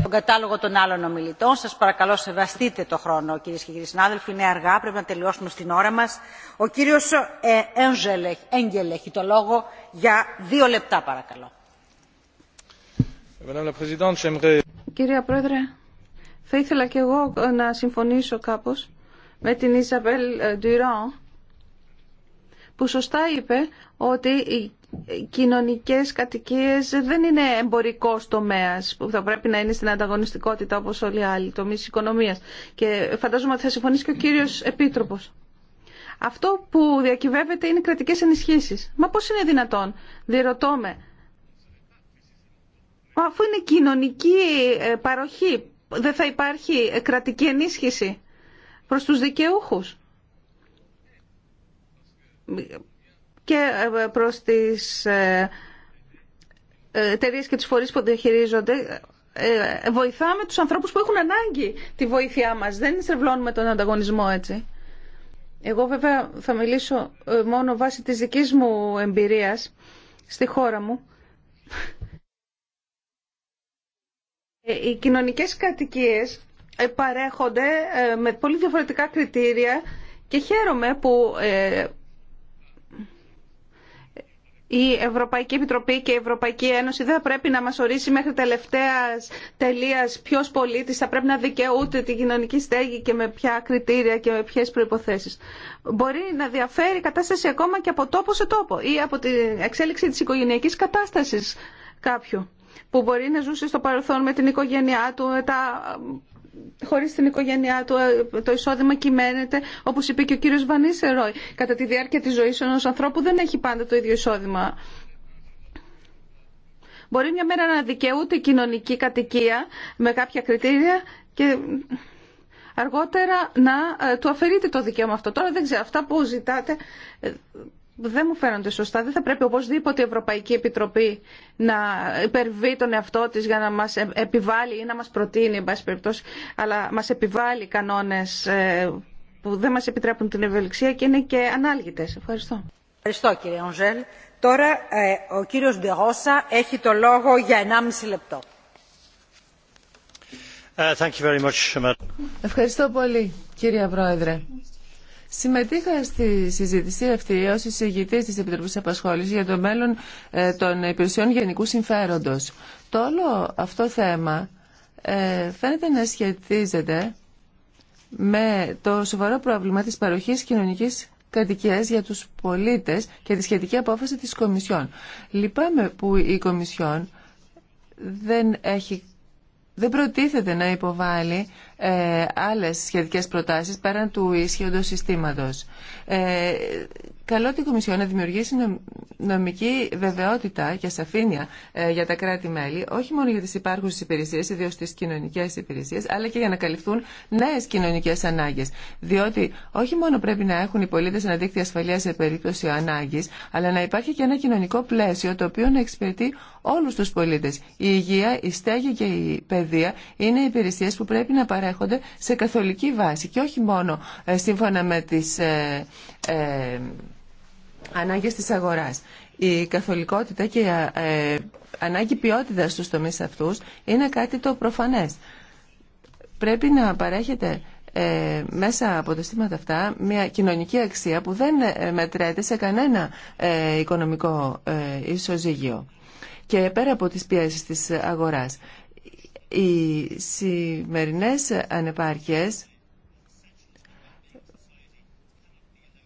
τον κατάλογο των άλλων ομιλητών. Σας παρακαλώ σεβαστείτε το χρόνο κυρίε και κύριοι συνάδελφοι. Είναι αργά, πρέπει να τελειώσουμε στην ώρα μας. Ο κύριος ε, Έγγελ έχει το λόγο για δύο λεπτά παρακαλώ. Κυρία Πρόεδρε, θα ήθελα κι εγώ να συμφωνήσω κάπως με την Ιζαβέλ Ντουιράν, που σωστά είπε ότι η κοινωνικές κατοικίες δεν είναι εμπορικός τομέας που θα πρέπει να είναι στην ανταγωνιστικότητα όπως όλοι οι άλλοι τομείς οικονομίας. Και φαντάζομαι ότι θα συμφωνήσει και ο κύριος Επίτροπος. Αυτό που διακυβεύεται είναι κρατικές ενισχύσεις. Μα πώς είναι δυνατόν, διερωτώ με. Αφού είναι κοινωνική ε, παροχή, δεν θα υπάρχει ε, κρατική ενίσχυση προς τους δικαιούχους και ε, προς τις ε, ε, εταιρείε και τις φορείς που διαχειρίζονται βοηθάμε τους ανθρώπους που έχουν ανάγκη τη βοήθειά μας. Δεν στρεβλώνουμε τον ανταγωνισμό έτσι. Εγώ βέβαια θα μιλήσω μόνο βάσει της δικής μου εμπειρίας στη χώρα μου. Οι κοινωνικές κατοικίες παρέχονται με πολύ διαφορετικά κριτήρια και χαίρομαι που η Ευρωπαϊκή Επιτροπή και η Ευρωπαϊκή Ένωση δεν θα πρέπει να μας ορίσει μέχρι τελευταία τελείας ποιο πολίτη, θα πρέπει να δικαιούται τη κοινωνική στέγη και με ποια κριτήρια και με ποιε προϋποθέσεις. Μπορεί να διαφέρει η κατάσταση ακόμα και από τόπο σε τόπο ή από την εξέλιξη της οικογένειακή κατάσταση κάποιου που μπορεί να ζούσε στο παρελθόν με την οικογένειά του, τα χωρίς την οικογένειά του ε, το εισόδημα κυμαίνεται, όπως είπε και ο κύριος Βανίσεροι Κατά τη διάρκεια της ζωής ενός ανθρώπου δεν έχει πάντα το ίδιο εισόδημα. Μπορεί μια μέρα να δικαιούται κοινωνική κατοικία με κάποια κριτήρια και αργότερα να ε, του αφαιρείται το δικαίωμα αυτό. Τώρα δεν ξέρω, αυτά που ζητάτε ε, δεν μου φαίνονται σωστά. Δεν θα πρέπει οπωσδήποτε η Ευρωπαϊκή Επιτροπή να υπερβεί τον εαυτό τη για να μα ε, επιβάλλει ή να μας προτείνει, εν περιπτώσει, αλλά μας επιβάλλει κανόνες ε, που δεν μας επιτρέπουν την ευελιξία και είναι και ανάλγητε. Ευχαριστώ. Ευχαριστώ κύριε Ονζέλ. Τώρα ε, ο κύριο Ντεγόσα έχει το λόγο για 1,5 λεπτό. Thank you very much. Ευχαριστώ πολύ κύριε Πρόεδρε. Συμμετείχα στη συζήτηση αυτή ω εισηγητή τη Επιτροπή Απασχόληση για το μέλλον ε, των υπηρεσιών γενικού συμφέροντο. Το όλο αυτό θέμα ε, φαίνεται να σχετίζεται με το σοβαρό πρόβλημα της παροχής κοινωνικής κατοικίας για τους πολίτες και τη σχετική απόφαση της Κομισιόν. Λυπάμαι που η Κομισιόν δεν έχει δεν προτίθεται να υποβάλει ε, άλλες σχετικές προτάσεις πέραν του ισχύοντος συστήματος. Ε, καλό την Κομισιόν να δημιουργήσει νομική βεβαιότητα και σαφήνεια ε, για τα κράτη-μέλη, όχι μόνο για τις υπάρχουσες υπηρεσίες, ιδίω τις κοινωνικές υπηρεσίες, αλλά και για να καλυφθούν νέες κοινωνικές ανάγκες. Διότι όχι μόνο πρέπει να έχουν οι πολίτες ένα δίκτυο ασφαλείας σε περίπτωση ανάγκης, αλλά να υπάρχει και ένα κοινωνικό πλαίσιο το οποίο να εξυπηρετεί όλους τους πολίτες. Η υγεία, η στέγη και η παιδεία είναι υπηρεσίες που πρέπει να παρέχονται σε καθολική βάση και όχι μόνο ε, σύμφωνα με τις ε, ε, ανάγκες της αγοράς. Η καθολικότητα και η ε, ανάγκη ποιότητας στους τομείς αυτούς είναι κάτι το προφανές. Πρέπει να παρέχεται ε, μέσα από τα στήματα αυτά μια κοινωνική αξία που δεν μετρέται σε κανένα οικονομικό ισοζύγιο και πέρα από τις πιέσεις της αγοράς. Οι σημερινές ανεπάρκειες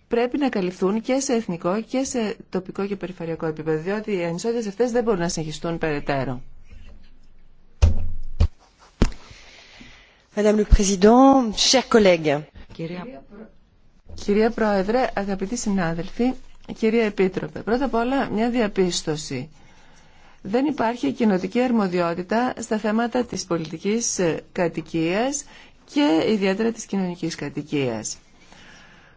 πρέπει να καλυφθούν και σε εθνικό και σε τοπικό και περιφερειακό επίπεδο, διότι οι ανισότητες αυτές δεν μπορούν να συνεχιστούν περαιτέρω. Madame le Président, chers collègues. Κυρία... Κυρία Πρόεδρε, αγαπητοί συνάδελφοι, κυρία Επίτροπε, πρώτα απ' όλα μια διαπίστωση δεν υπάρχει κοινοτική αρμοδιότητα στα θέματα της πολιτικής ε, κατοικίας και ιδιαίτερα της κοινωνικής κατοικίας.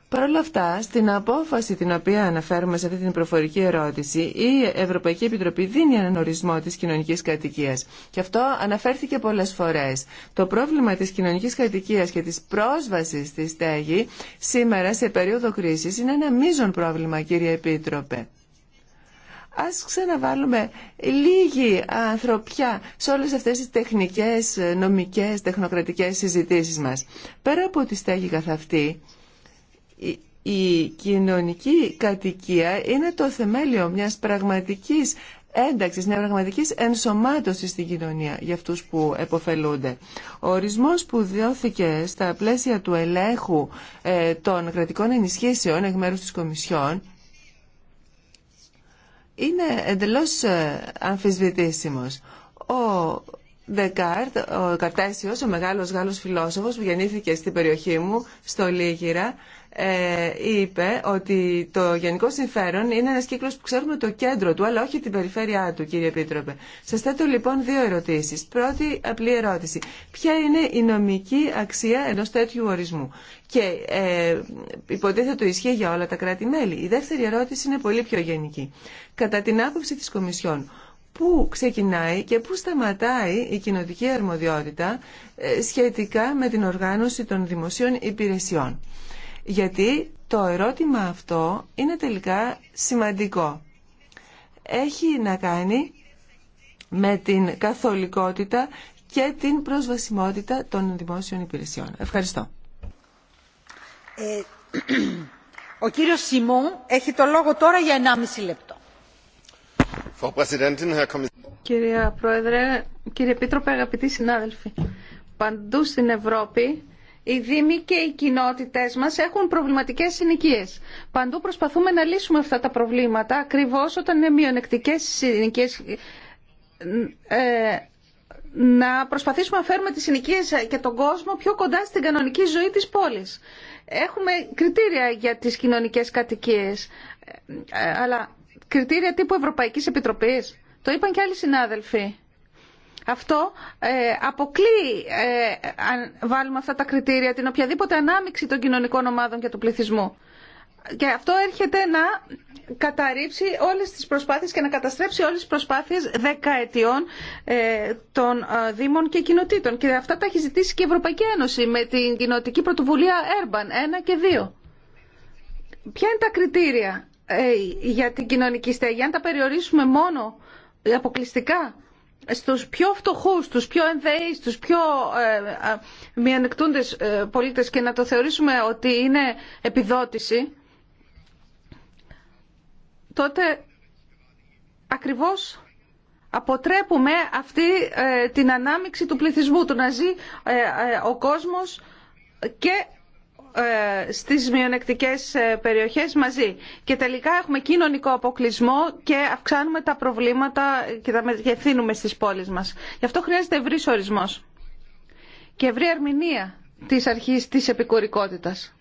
Παρ' όλα αυτά, στην απόφαση την οποία αναφέρουμε σε αυτή την προφορική ερώτηση, η Ευρωπαϊκή Επιτροπή δίνει έναν ορισμό της κοινωνικής κατοικίας. Και αυτό αναφέρθηκε πολλές φορές. Το πρόβλημα της κοινωνικής κατοικίας και της πρόσβασης στη στέγη σήμερα σε περίοδο κρίσης είναι ένα μείζον πρόβλημα, κύριε Επίτροπε. Ας ξαναβάλουμε λίγη ανθρωπιά σε όλες αυτές τις τεχνικές, νομικές, τεχνοκρατικές συζητήσεις μας. Πέρα από τη στέγη καθ' αυτή, η κοινωνική κατοικία είναι το θεμέλιο μιας πραγματικής ένταξης, μια πραγματικής ενσωμάτωσης στην κοινωνία για αυτούς που επωφελούνται. Ο ορισμός που διώθηκε στα πλαίσια του ελέγχου ε, των κρατικών ενισχύσεων εκ μέρους της Κομισιόν είναι εντελώς ε, αμφισβητήσιμος. Ο Δεκάρτ, ο Καρτάσιος, ο μεγάλος Γάλλος φιλόσοφος που γεννήθηκε στην περιοχή μου, στο Λίγυρα, ε, είπε ότι το γενικό συμφέρον είναι ένας κύκλος που ξέρουμε το κέντρο του, αλλά όχι την περιφέρειά του, κύριε πίτροπε Σας θέτω λοιπόν δύο ερωτήσεις. Πρώτη απλή ερώτηση. Ποια είναι η νομική αξία ενός τέτοιου ορισμού. Και ε, υποτίθεται ισχύει για όλα τα κράτη-μέλη. Η δεύτερη ερώτηση είναι πολύ πιο γενική. Κατά την άποψη της Κομισιόν, πού ξεκινάει και πού σταματάει η κοινοτική αρμοδιότητα ε, σχετικά με την οργάνωση των δημοσίων υπηρεσιών. Γιατί το ερώτημα αυτό είναι τελικά σημαντικό. Έχει να κάνει με την καθολικότητα και την προσβασιμότητα των δημόσιων υπηρεσιών. Ευχαριστώ. Ε, ο κύριος Σιμών έχει το λόγο τώρα για 1,5 λεπτό. Κυρία Πρόεδρε, κύριε Επίτροπε, αγαπητοί συνάδελφοι, παντού στην Ευρώπη οι Δήμοι και οι κοινότητε μας έχουν προβληματικέ συνοικίε. Παντού προσπαθούμε να λύσουμε αυτά τα προβλήματα, ακριβώ όταν είναι μειονεκτικές συνοικίε. ε, να προσπαθήσουμε να φέρουμε τις συνοικίες και τον κόσμο πιο κοντά στην κανονική ζωή της πόλης. Έχουμε κριτήρια για τις κοινωνικές κατοικίες, ε, ε, αλλά κριτήρια τύπου Ευρωπαϊκής Επιτροπής. Το είπαν και άλλοι συνάδελφοι. Αυτό ε, αποκλεί, ε, αν βάλουμε αυτά τα κριτήρια, την οποιαδήποτε ανάμειξη των κοινωνικών ομάδων και του πληθυσμού. Και αυτό έρχεται να καταρρύψει όλες τις προσπάθειες και να καταστρέψει όλες τις προσπάθειες δεκαετιών ε, των Δήμων και κοινοτήτων. Και αυτά τα έχει ζητήσει και η Ευρωπαϊκή Ένωση με την κοινοτική πρωτοβουλία Urban 1 και 2. Ποια είναι τα κριτήρια για την κοινωνική στέγη, αν τα περιορίσουμε μόνο αποκλειστικά στους πιο φτωχούς, τους πιο ενδεείς, τους πιο ε, ανεκτούντες ε, πολίτες και να το θεωρήσουμε ότι είναι επιδότηση, τότε ακριβώς αποτρέπουμε αυτή ε, την ανάμιξη του πληθυσμού, του να ζει ε, ε, ο κόσμος και ε, στις μειονεκτικές ε, περιοχές μαζί. Και τελικά έχουμε κοινωνικό αποκλεισμό και αυξάνουμε τα προβλήματα και τα μεγεθύνουμε στις πόλεις μας. Γι' αυτό χρειάζεται ευρύ ορισμός και ευρύ αρμηνία της αρχής της επικουρικότητας.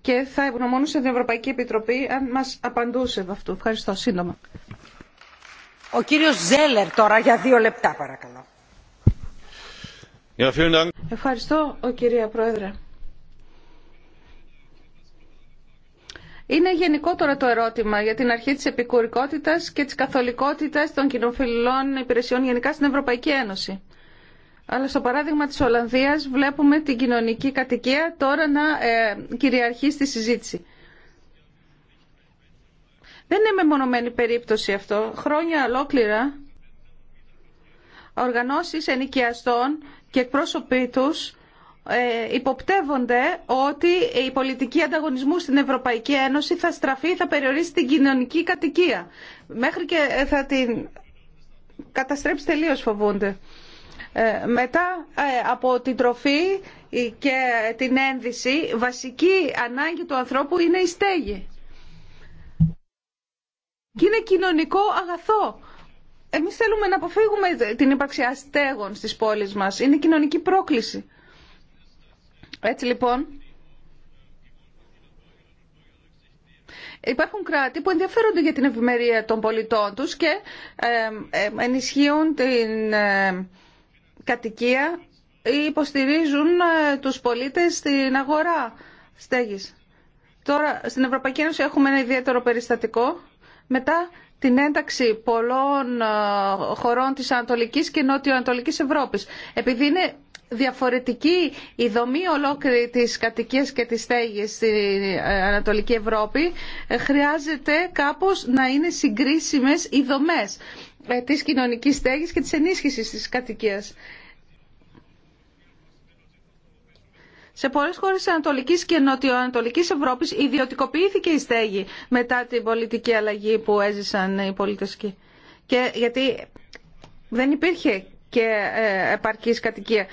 Και θα ευγνωμονούσε την Ευρωπαϊκή Επιτροπή αν μας απαντούσε από αυτού. Ευχαριστώ. Σύντομα. Ο κύριος Ζέλερ τώρα για δύο λεπτά παρακαλώ. Ευχαριστώ κυρία Πρόεδρε. Είναι τώρα το ερώτημα για την αρχή της επικουρικότητας και της καθολικότητας των κοινοφιλών υπηρεσιών γενικά στην Ευρωπαϊκή Ένωση. Αλλά στο παράδειγμα της Ολλανδίας βλέπουμε την κοινωνική κατοικία τώρα να ε, κυριαρχεί στη συζήτηση. Δεν είναι μεμονωμένη περίπτωση αυτό. Χρόνια ολόκληρα οργανώσεις ενοικιαστών και εκπρόσωποι τους ε, υποπτεύονται ότι η πολιτική ανταγωνισμού στην Ευρωπαϊκή Ένωση θα στραφεί, θα περιορίσει την κοινωνική κατοικία. Μέχρι και ε, θα την καταστρέψει τελείως φοβούνται. Ε, μετά από την τροφή και την ένδυση, βασική ανάγκη του ανθρώπου είναι η στέγη. Και είναι κοινωνικό αγαθό. Εμείς θέλουμε να αποφύγουμε την ύπαρξη αστέγων στις πόλεις μας. Είναι κοινωνική πρόκληση. Έτσι λοιπόν, Υπάρχουν κράτη που ενδιαφέρονται για την ευημερία των πολιτών τους και ενισχύουν την κατοικία ή υποστηρίζουν ε, τους πολίτες στην αγορά στέγης. Τώρα στην Ευρωπαϊκή Ένωση έχουμε ένα ιδιαίτερο περιστατικό μετά την ένταξη πολλών ε, χωρών της Ανατολικής και Νότιο-Ανατολικής Ευρώπης. Επειδή είναι διαφορετική η δομή ολόκληρη της κατοικίας και της στέγης στην ε, Ανατολική Ευρώπη ε, χρειάζεται κάπως να είναι συγκρίσιμες οι δομές ε, της κοινωνικής στέγης και της ενίσχυσης της κατοικίας. Σε πολλέ χώρε τη Ανατολική και Νοτιοανατολική Ευρώπη ιδιωτικοποιήθηκε η στέγη μετά την πολιτική αλλαγή που έζησαν οι πολίτε Και γιατί δεν υπήρχε και επαρκής κατοικία.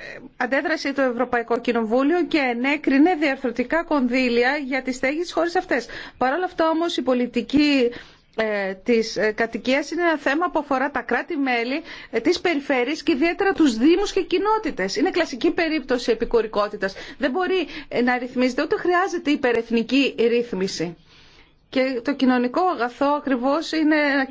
Ε, αντέδρασε το Ευρωπαϊκό Κοινοβούλιο και ενέκρινε διαρθρωτικά κονδύλια για τις στέγη της χώρας αυτές. Παρ' όλα αυτά όμως η πολιτική ε, της ε, κατοικίας είναι ένα θέμα που αφορά τα κράτη-μέλη της περιφέρειας και ιδιαίτερα τους δήμους και κοινότητες. Είναι κλασική περίπτωση επικουρικότητας. Δεν μπορεί να ρυθμίζεται, ούτε χρειάζεται υπερεθνική ρύθμιση. Και το κοινωνικό αγαθό ακριβώς είναι ένα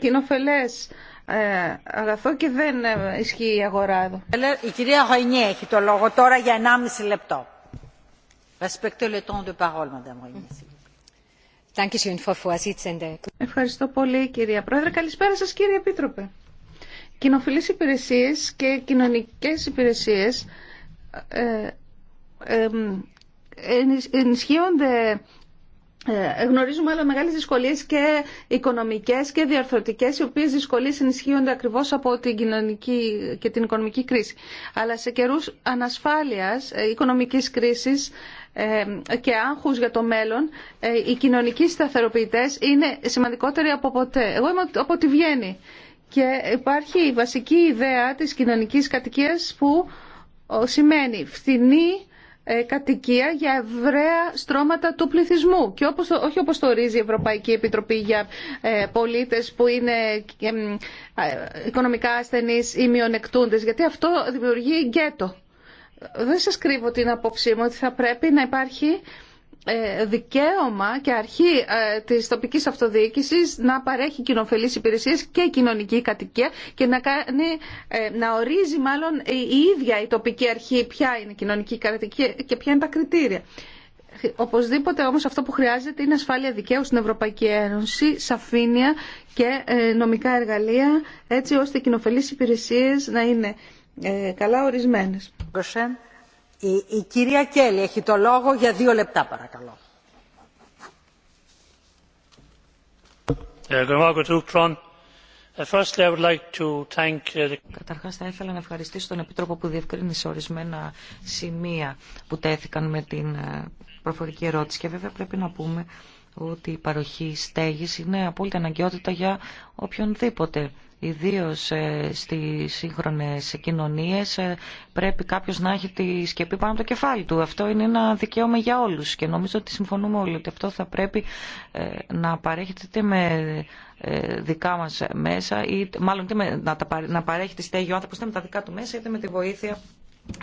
ε, αγαθό και δεν ε, ισχύει η αγορά εδώ. Η κυρία Γοηνιέ έχει το λόγο τώρα για 1,5 λεπτό. Respectez le temps de parole, Madame Vorsitzende. Uh, Ευχαριστώ πολύ κυρία Πρόεδρε. Καλησπέρα σας κύριε Επίτροπε. Κοινοφιλείς υπηρεσίες και κοινωνικές υπηρεσίες ε, ε, ενισχύονται ε, γνωρίζουμε άλλα μεγάλες δυσκολίες και οικονομικές και διαρθρωτικές, οι οποίες δυσκολίες ενισχύονται ακριβώς από την κοινωνική και την οικονομική κρίση. Αλλά σε καιρούς ανασφάλειας, ε, οικονομικής κρίσης ε, και άγχους για το μέλλον, οι κοινωνικοί σταθεροποιητές είναι σημαντικότεροι από ποτέ. Εγώ είμαι από τη Βιέννη και υπάρχει η βασική ιδέα της κοινωνικής κατοικίας που σημαίνει φθηνή, ε, κατοικία για ευραία στρώματα του πληθυσμού και όπως, όχι όπως το ορίζει η Ευρωπαϊκή Επιτροπή για ε, πολίτες που είναι ε, οικονομικά ασθενείς ή μειονεκτούντες γιατί αυτό δημιουργεί γκέτο. Δεν σας κρύβω την απόψή μου ότι θα πρέπει να υπάρχει ε, δικαίωμα και αρχή ε, της τοπικής αυτοδιοίκησης να παρέχει κοινοφελείς υπηρεσίες και κοινωνική κατοικία και να, κάνει, ε, να ορίζει μάλλον η ίδια η τοπική αρχή ποια είναι η κοινωνική κατοικία και ποια είναι τα κριτήρια. Οπωσδήποτε όμως αυτό που χρειάζεται είναι ασφάλεια δικαίου στην Ευρωπαϊκή Ένωση, σαφήνεια και νομικά εργαλεία έτσι ώστε οι κοινοφελείς υπηρεσίες να είναι καλά ορισμένες. Η, κυρία Κέλλη έχει το λόγο για δύο λεπτά παρακαλώ. Ε, ε, ε, Καταρχάς θα ήθελα να ευχαριστήσω τον Επίτροπο που διευκρίνησε ορισμένα σημεία που τέθηκαν με την προφορική ερώτηση και βέβαια πρέπει να πούμε ότι η παροχή στέγης είναι απόλυτη αναγκαιότητα για οποιονδήποτε. Ιδίω ε, στις σύγχρονες κοινωνίες ε, πρέπει κάποιος να έχει τη σκεπή πάνω από το κεφάλι του. Αυτό είναι ένα δικαίωμα για όλους και νομίζω ότι συμφωνούμε όλοι ότι αυτό θα πρέπει ε, να παρέχεται με δικά μας μέσα ή μάλλον να παρέχει τη στέγη ο άνθρωπος είτε με τα δικά του μέσα είτε με τη βοήθεια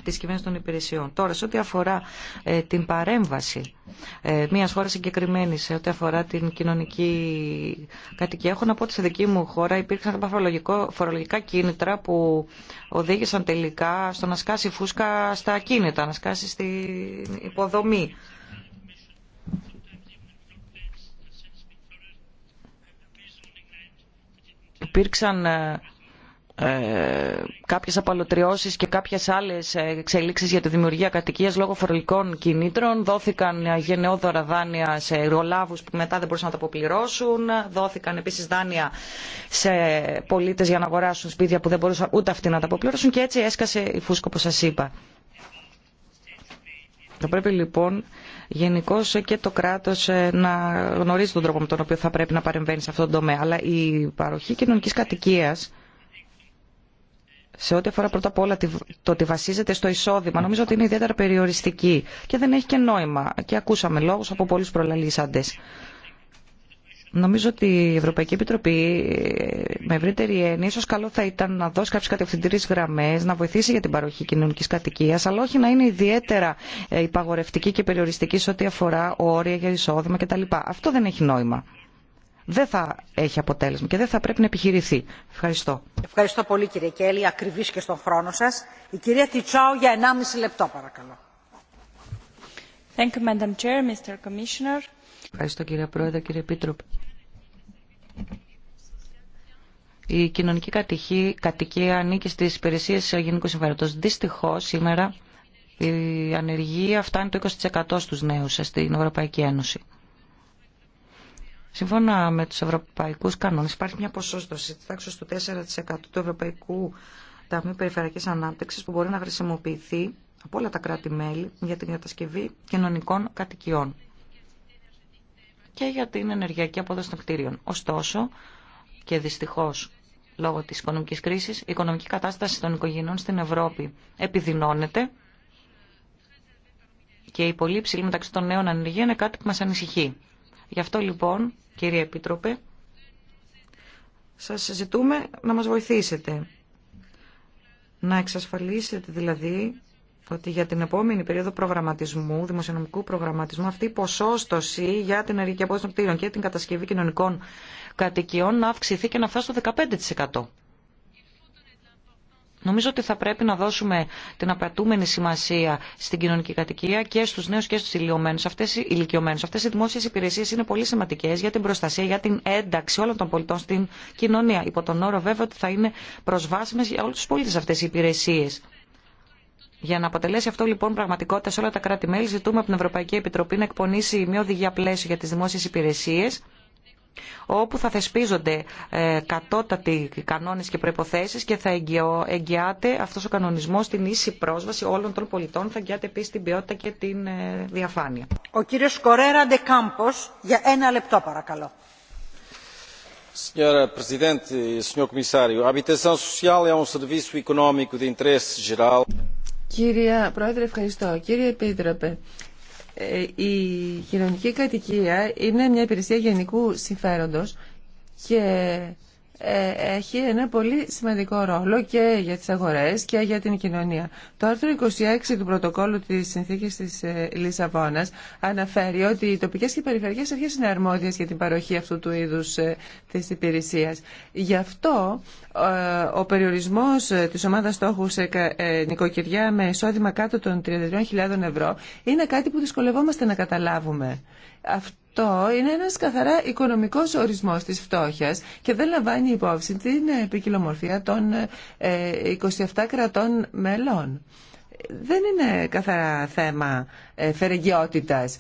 της κυβέρνησης των υπηρεσιών. Τώρα, σε ό,τι αφορά ε, την παρέμβαση ε, μιας χώρας συγκεκριμένη, σε ό,τι αφορά την κοινωνική κατοικία, έχω να πω ότι στη δική μου χώρα υπήρξαν φορολογικά κίνητρα που οδήγησαν τελικά στο να σκάσει φούσκα στα κίνητα, να σκάσει στην υποδομή. Υπήρξαν... Ε, ε, κάποιες απαλωτριώσεις και κάποιες άλλες εξελίξεις για τη δημιουργία κατοικίας λόγω φορολικών κινήτρων. Δόθηκαν ε, γενναιόδωρα δάνεια σε εργολάβους που μετά δεν μπορούσαν να τα αποπληρώσουν. Δόθηκαν επίσης δάνεια σε πολίτες για να αγοράσουν σπίτια που δεν μπορούσαν ούτε αυτοί να τα αποπληρώσουν και έτσι έσκασε η φούσκο, όπως σας είπα. Θα πρέπει λοιπόν γενικώ και το κράτο ε, να γνωρίζει τον τρόπο με τον οποίο θα πρέπει να παρεμβαίνει σε αυτόν τον τομέα. Αλλά η παροχή κοινωνική κατοικία σε ό,τι αφορά πρώτα απ' όλα το ότι βασίζεται στο εισόδημα, νομίζω ότι είναι ιδιαίτερα περιοριστική και δεν έχει και νόημα. Και ακούσαμε λόγους από πολλούς προλαλήσαντες. Νομίζω ότι η Ευρωπαϊκή Επιτροπή με ευρύτερη έννοια ίσως καλό θα ήταν να δώσει κάποιε κατευθυντήριε γραμμές, να βοηθήσει για την παροχή κοινωνικής κατοικίας, αλλά όχι να είναι ιδιαίτερα ε, υπαγορευτική και περιοριστική σε ό,τι αφορά όρια για εισόδημα κτλ. Αυτό δεν έχει νόημα δεν θα έχει αποτέλεσμα και δεν θα πρέπει να επιχειρηθεί. Ευχαριστώ. Ευχαριστώ πολύ κύριε Κέλλη, ακριβής και στον χρόνο σας. Η κυρία Τιτσάου για 1,5 λεπτό παρακαλώ. Ευχαριστώ κύριε Πρόεδρε, κύριε Επίτροπε. Η κοινωνική κατοικία, κατοικία ανήκει στις υπηρεσίες γενικού Συμφέροντο. Δυστυχώ, σήμερα η ανεργία φτάνει το 20% στους νέου στην Ευρωπαϊκή Ένωση. Σύμφωνα με τους ευρωπαϊκούς κανόνες υπάρχει μια ποσόστοση της τάξης του 4% του Ευρωπαϊκού Ταμείου Περιφερειακής Ανάπτυξης που μπορεί να χρησιμοποιηθεί από όλα τα κράτη-μέλη για την κατασκευή κοινωνικών κατοικιών και για την ενεργειακή απόδοση των κτίριων. Ωστόσο, και δυστυχώς λόγω της οικονομικής κρίσης, η οικονομική κατάσταση των οικογενειών στην Ευρώπη επιδεινώνεται και η πολύ υψηλή μεταξύ των νέων ανεργία είναι κάτι που μας ανησυχεί. Γι' αυτό λοιπόν, κύριε Επίτροπε, σας ζητούμε να μας βοηθήσετε. Να εξασφαλίσετε δηλαδή ότι για την επόμενη περίοδο προγραμματισμού, δημοσιονομικού προγραμματισμού, αυτή η ποσόστοση για την ενεργειακή απόδοση των κτίριων και την κατασκευή κοινωνικών κατοικιών να αυξηθεί και να φτάσει στο 15%. Νομίζω ότι θα πρέπει να δώσουμε την απαιτούμενη σημασία στην κοινωνική κατοικία και στου νέου και στου ηλικιωμένου. Αυτέ οι δημόσιε υπηρεσίε είναι πολύ σημαντικέ για την προστασία, για την ένταξη όλων των πολιτών στην κοινωνία. Υπό τον όρο βέβαια ότι θα είναι προσβάσιμε για όλου του πολίτε αυτέ οι υπηρεσίε. Για να αποτελέσει αυτό λοιπόν πραγματικότητα σε όλα τα κράτη-μέλη, ζητούμε από την Ευρωπαϊκή Επιτροπή να εκπονήσει μια οδηγία πλαίσιο για τι δημόσιε υπηρεσίε όπου θα θεσπίζονται ε, κατώτατοι κανόνες και προϋποθέσεις και θα εγγυάται αυτός ο κανονισμός την ίση πρόσβαση όλων των πολιτών, θα εγγυάται επίσης την ποιότητα και την ε, διαφάνεια. Ο κύριος Κορέρα Ντεκάμπος, για ένα λεπτό παρακαλώ. Senhora Presidente, Senhor Comissário, a habitação social é um serviço económico de interesse geral. Κύριε Πρόεδρε, ευχαριστώ. Κύριε Επίτροπε, η κοινωνική κατοικία είναι μια υπηρεσία γενικού συμφέροντος και ε, έχει ένα πολύ σημαντικό ρόλο και για τις αγορές και για την κοινωνία. Το άρθρο 26 του πρωτοκόλλου της Συνθήκης της ε, Λισαβόνας αναφέρει ότι οι τοπικές και περιφερειακές αρχές είναι αρμόδιες για την παροχή αυτού του είδους ε, της υπηρεσίας. Γι' αυτό ο περιορισμός της ομάδας στόχου σε νοικοκυριά με εισόδημα κάτω των 33.000 ευρώ είναι κάτι που δυσκολευόμαστε να καταλάβουμε. Αυτό αυτό είναι ένα καθαρά οικονομικός ορισμός της φτώχεια και δεν λαμβάνει υπόψη την επικοινομορφία των 27 ε, κρατών μελών. Δεν είναι καθαρά θέμα φερεγγιότητας,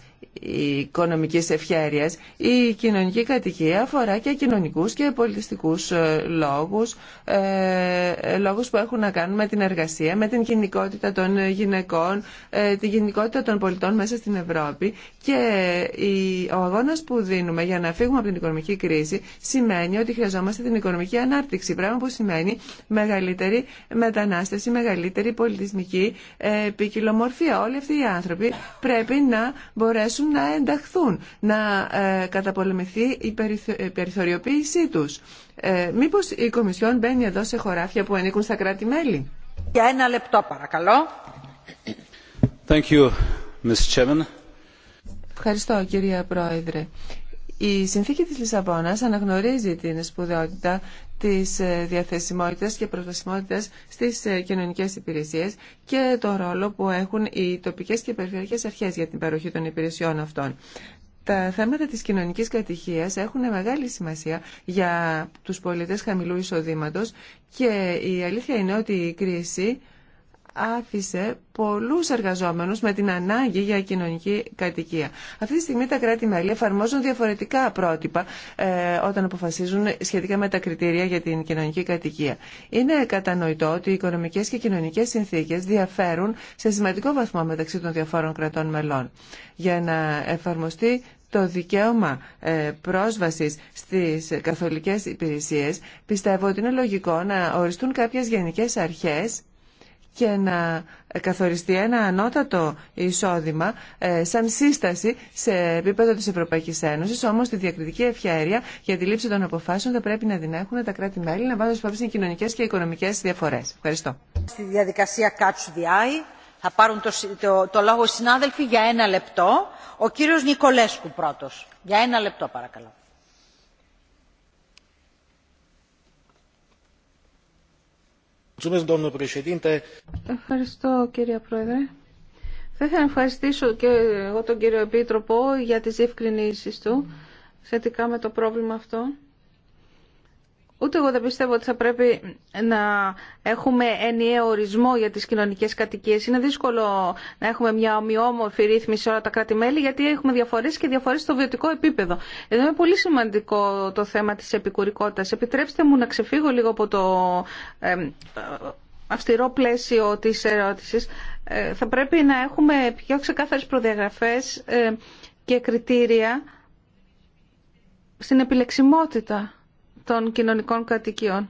οικονομικής ευχέρειας. Η κοινωνική κατοικία αφορά και κοινωνικούς και πολιτιστικούς ε, λόγους, ε, ε, λόγους που έχουν να κάνουν με την εργασία, με την κοινικότητα των γυναικών, την κοινικότητα των πολιτών μέσα στην Ευρώπη και ο αγώνας που δίνουμε για να φύγουμε από την οικονομική κρίση σημαίνει ότι χρειαζόμαστε την οικονομική ανάπτυξη, πράγμα που σημαίνει μεγαλύτερη μετανάστευση, μεγαλύτερη πολιτισμική ποικιλομορφία. Όλοι αυτοί οι άνθρωποι πρέπει να μπορέσουν να ενταχθούν, να ε, καταπολεμηθεί η περιθωριοποίησή τους. Ε, μήπως η Κομισιόν μπαίνει εδώ σε χωράφια που ανήκουν στα κράτη-μέλη. Για ένα λεπτό παρακαλώ. Thank you, Ευχαριστώ κυρία Πρόεδρε. Η συνθήκη της Λισαβόνας αναγνωρίζει την σπουδαιότητα της ε, διαθεσιμότητας και προσβασιμότητας στις ε, κοινωνικές υπηρεσίες και το ρόλο που έχουν οι τοπικές και περιφερειακές αρχές για την παροχή των υπηρεσιών αυτών. Τα θέματα της κοινωνικής κατοικίας έχουν μεγάλη σημασία για τους πολίτες χαμηλού εισοδήματος και η αλήθεια είναι ότι η κρίση άφησε πολλούς εργαζόμενους με την ανάγκη για κοινωνική κατοικία. Αυτή τη στιγμή τα κράτη-μέλη εφαρμόζουν διαφορετικά πρότυπα ε, όταν αποφασίζουν σχετικά με τα κριτήρια για την κοινωνική κατοικία. Είναι κατανοητό ότι οι οικονομικές και κοινωνικές συνθήκες διαφέρουν σε σημαντικό βαθμό μεταξύ των διαφόρων κρατών μελών. Για να εφαρμοστεί το δικαίωμα ε, πρόσβασης στις καθολικές υπηρεσίες, πιστεύω ότι είναι λογικό να οριστούν κάποιες γενικές αρχές και να καθοριστεί ένα ανώτατο εισόδημα ε, σαν σύσταση σε επίπεδο της Ευρωπαϊκής Ένωσης, όμως τη διακριτική ευχαίρεια για τη λήψη των αποφάσεων θα πρέπει να την τα κράτη-μέλη να βάζουν υπόψη κοινωνικές και οικονομικές διαφορές. Ευχαριστώ. Στη διαδικασία Catch the Eye θα πάρουν το, το, το λόγο οι συνάδελφοι για ένα λεπτό. Ο κύριος Νικολέσκου πρώτος. Για ένα λεπτό παρακαλώ. Ευχαριστώ κύριε Πρόεδρε. Θα ήθελα να ευχαριστήσω και εγώ τον κύριο Επίτροπο για τις διευκρινήσεις του σχετικά με το πρόβλημα αυτό. Ούτε εγώ δεν πιστεύω ότι θα πρέπει να έχουμε ενιαίο ορισμό για τις κοινωνικές κατοικίες. Είναι δύσκολο να έχουμε μια ομοιόμορφη ρύθμιση σε όλα τα κράτη-μέλη γιατί έχουμε διαφορές και διαφορές στο βιωτικό επίπεδο. Εδώ είναι πολύ σημαντικό το θέμα της επικουρικότητας. Επιτρέψτε μου να ξεφύγω λίγο από το αυστηρό πλαίσιο της ερώτησης. Ε, θα πρέπει να έχουμε πιο ξεκάθαρες προδιαγραφές ε, και κριτήρια στην επιλεξιμότητα των κοινωνικών κατοικιών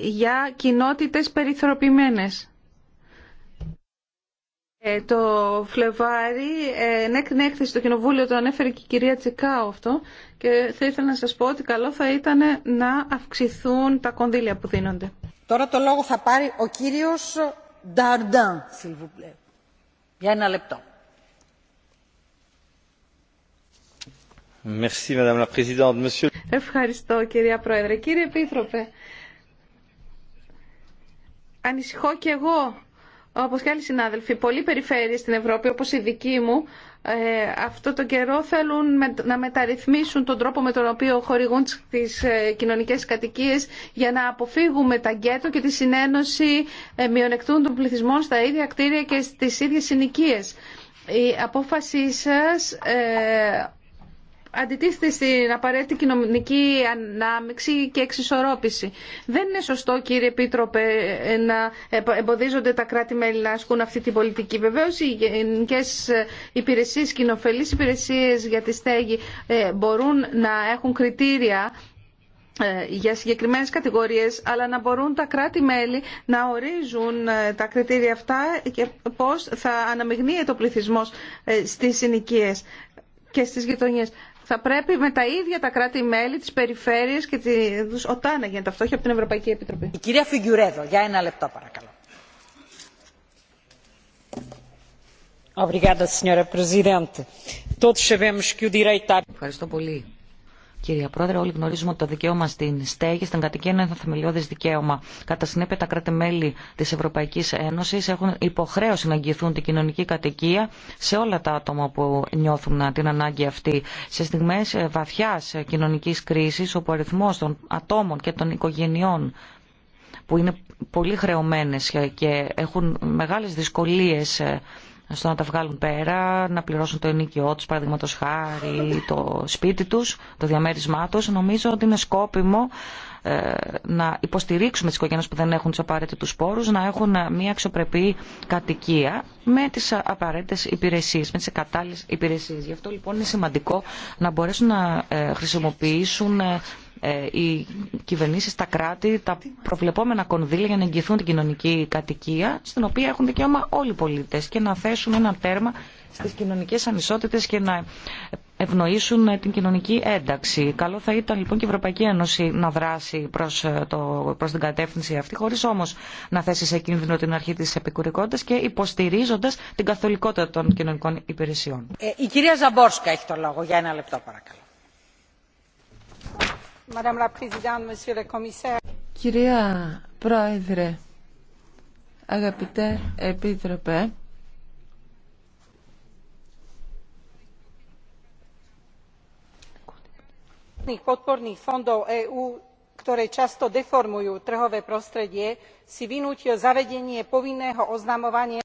για κοινότητες περιθωριοποιημένες. Ε, το Φλεβάρι, ενέκρινε έκθεση ναι, ναι, στο Κοινοβούλιο, το ανέφερε και η κυρία Τσικάου αυτό και θα ήθελα να σας πω ότι καλό θα ήταν να αυξηθούν τα κονδύλια που δίνονται. Τώρα το λόγο θα πάρει ο κύριος Νταρντάν, για ένα λεπτό. Ευχαριστώ κυρία Πρόεδρε. Κύριε Επίτροπε, ανησυχώ και εγώ, όπως και άλλοι συνάδελφοι, πολλοί περιφέρειες στην Ευρώπη, όπως η δική μου, ε, αυτό το καιρό θέλουν να μεταρρυθμίσουν τον τρόπο με τον οποίο χορηγούν τις ε, κοινωνικές κατοικίες για να αποφύγουμε τα γκέτο και τη συνένωση ε, μειονεκτούν των πληθυσμών στα ίδια κτίρια και στις ίδιες συνοικίες. Η απόφασή σας αντιτίθεται στην απαραίτητη κοινωνική ανάμειξη και εξισορρόπηση. Δεν είναι σωστό, κύριε Επίτροπε, να εμποδίζονται τα κράτη-μέλη να ασκούν αυτή την πολιτική. Βεβαίω, οι γενικέ υπηρεσίε, κοινοφελεί υπηρεσίε για τη στέγη ε, μπορούν να έχουν κριτήρια ε, για συγκεκριμένες κατηγορίες, αλλά να μπορούν τα κράτη-μέλη να ορίζουν ε, τα κριτήρια αυτά και πώς θα αναμειγνύεται ο πληθυσμός στις συνοικίες και στις γειτονιές θα πρέπει με τα ίδια τα κράτη-μέλη, τι περιφέρειε και τους ΟΤΑ να γίνεται αυτό, όχι από την Ευρωπαϊκή Επιτροπή. Η κυρία για ένα λεπτό παρακαλώ. Κυρία Πρόεδρε, όλοι γνωρίζουμε ότι το δικαίωμα στην στέγη, στην κατοικία είναι ένα θεμελιώδε δικαίωμα. Κατά συνέπεια, τα κράτη-μέλη τη Ευρωπαϊκή Ένωση έχουν υποχρέωση να εγγυηθούν την κοινωνική κατοικία σε όλα τα άτομα που νιώθουν την ανάγκη αυτή. Σε στιγμέ ε, βαθιά ε, κοινωνική κρίση, όπου ο αριθμό των ατόμων και των οικογενειών που είναι πολύ χρεωμένε ε, και έχουν μεγάλε δυσκολίε στο να τα βγάλουν πέρα, να πληρώσουν το ενίκιο τους, παραδείγματο χάρη, το σπίτι τους, το διαμέρισμά τους. Νομίζω ότι είναι σκόπιμο ε, να υποστηρίξουμε τις οικογένειες που δεν έχουν τους απαραίτητους σπόρους να έχουν μια αξιοπρεπή κατοικία με τις απαραίτητες υπηρεσίες, με τις κατάλληλε υπηρεσίες. Γι' αυτό λοιπόν είναι σημαντικό να μπορέσουν να ε, χρησιμοποιήσουν ε, ε, οι κυβερνήσεις, τα κράτη, τα προβλεπόμενα κονδύλια για να εγγυηθούν την κοινωνική κατοικία, στην οποία έχουν δικαίωμα όλοι οι πολίτες και να θέσουν ένα τέρμα στις κοινωνικές ανισότητες και να ευνοήσουν την κοινωνική ένταξη. Καλό θα ήταν λοιπόν και η Ευρωπαϊκή Ένωση να δράσει προς, ε, προς την κατεύθυνση αυτή, χωρίς όμως να θέσει σε κίνδυνο την αρχή της επικουρικότητας και υποστηρίζοντας την καθολικότητα των κοινωνικών υπηρεσιών. Ε, η κυρία Ζαμπόρσκα έχει το λόγο. Για ένα λεπτό παρακαλώ. Κυρία Πρόεδρε, αγαπητέ Επίτροπε, podporných fondov eú ktoré často deformujú trhové prostredie si vynútil zavedenie povinného oznamovania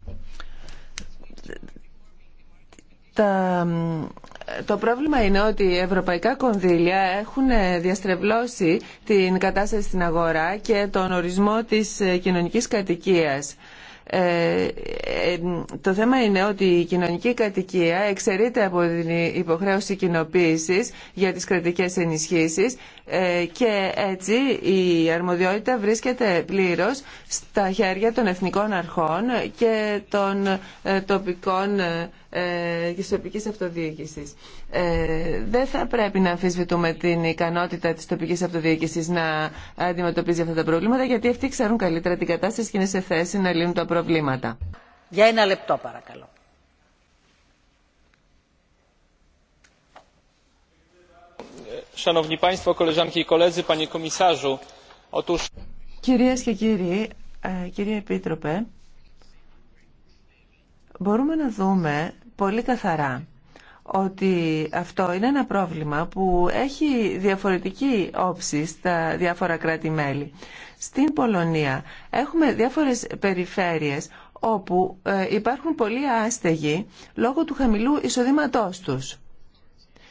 το πρόβλημα είναι ότι οι ευρωπαϊκά κονδύλια έχουν διαστρεβλώσει την κατάσταση στην αγορά και τον ορισμό της κοινωνικής κατοικίας. Ε, ε, το θέμα είναι ότι η κοινωνική κατοικία εξαιρείται από την υποχρέωση κοινοποίηση για τις κρατικές ενισχύσεις ε, και έτσι η αρμοδιότητα βρίσκεται πλήρως στα χέρια των εθνικών αρχών και των τοπικών ε, της τοπικής αυτοδιοίκησης. Ε, δεν θα πρέπει να αμφισβητούμε την ικανότητα της τοπικής αυτοδιοίκησης να αντιμετωπίζει αυτά τα προβλήματα, γιατί αυτοί ξέρουν καλύτερα την κατάσταση και είναι σε θέση να λύνουν τα προβλήματα. Για ένα λεπτό παρακαλώ. Szanowni Państwo, koleżanki i koledzy, panie komisarzu, otóż... και κύριοι, ε, κύριε Επίτροπε, μπορούμε να δούμε πολύ καθαρά ότι αυτό είναι ένα πρόβλημα που έχει διαφορετική όψη στα διάφορα κράτη-μέλη. Στην Πολωνία έχουμε διάφορες περιφέρειες όπου ε, υπάρχουν πολλοί άστεγοι λόγω του χαμηλού εισοδήματός τους.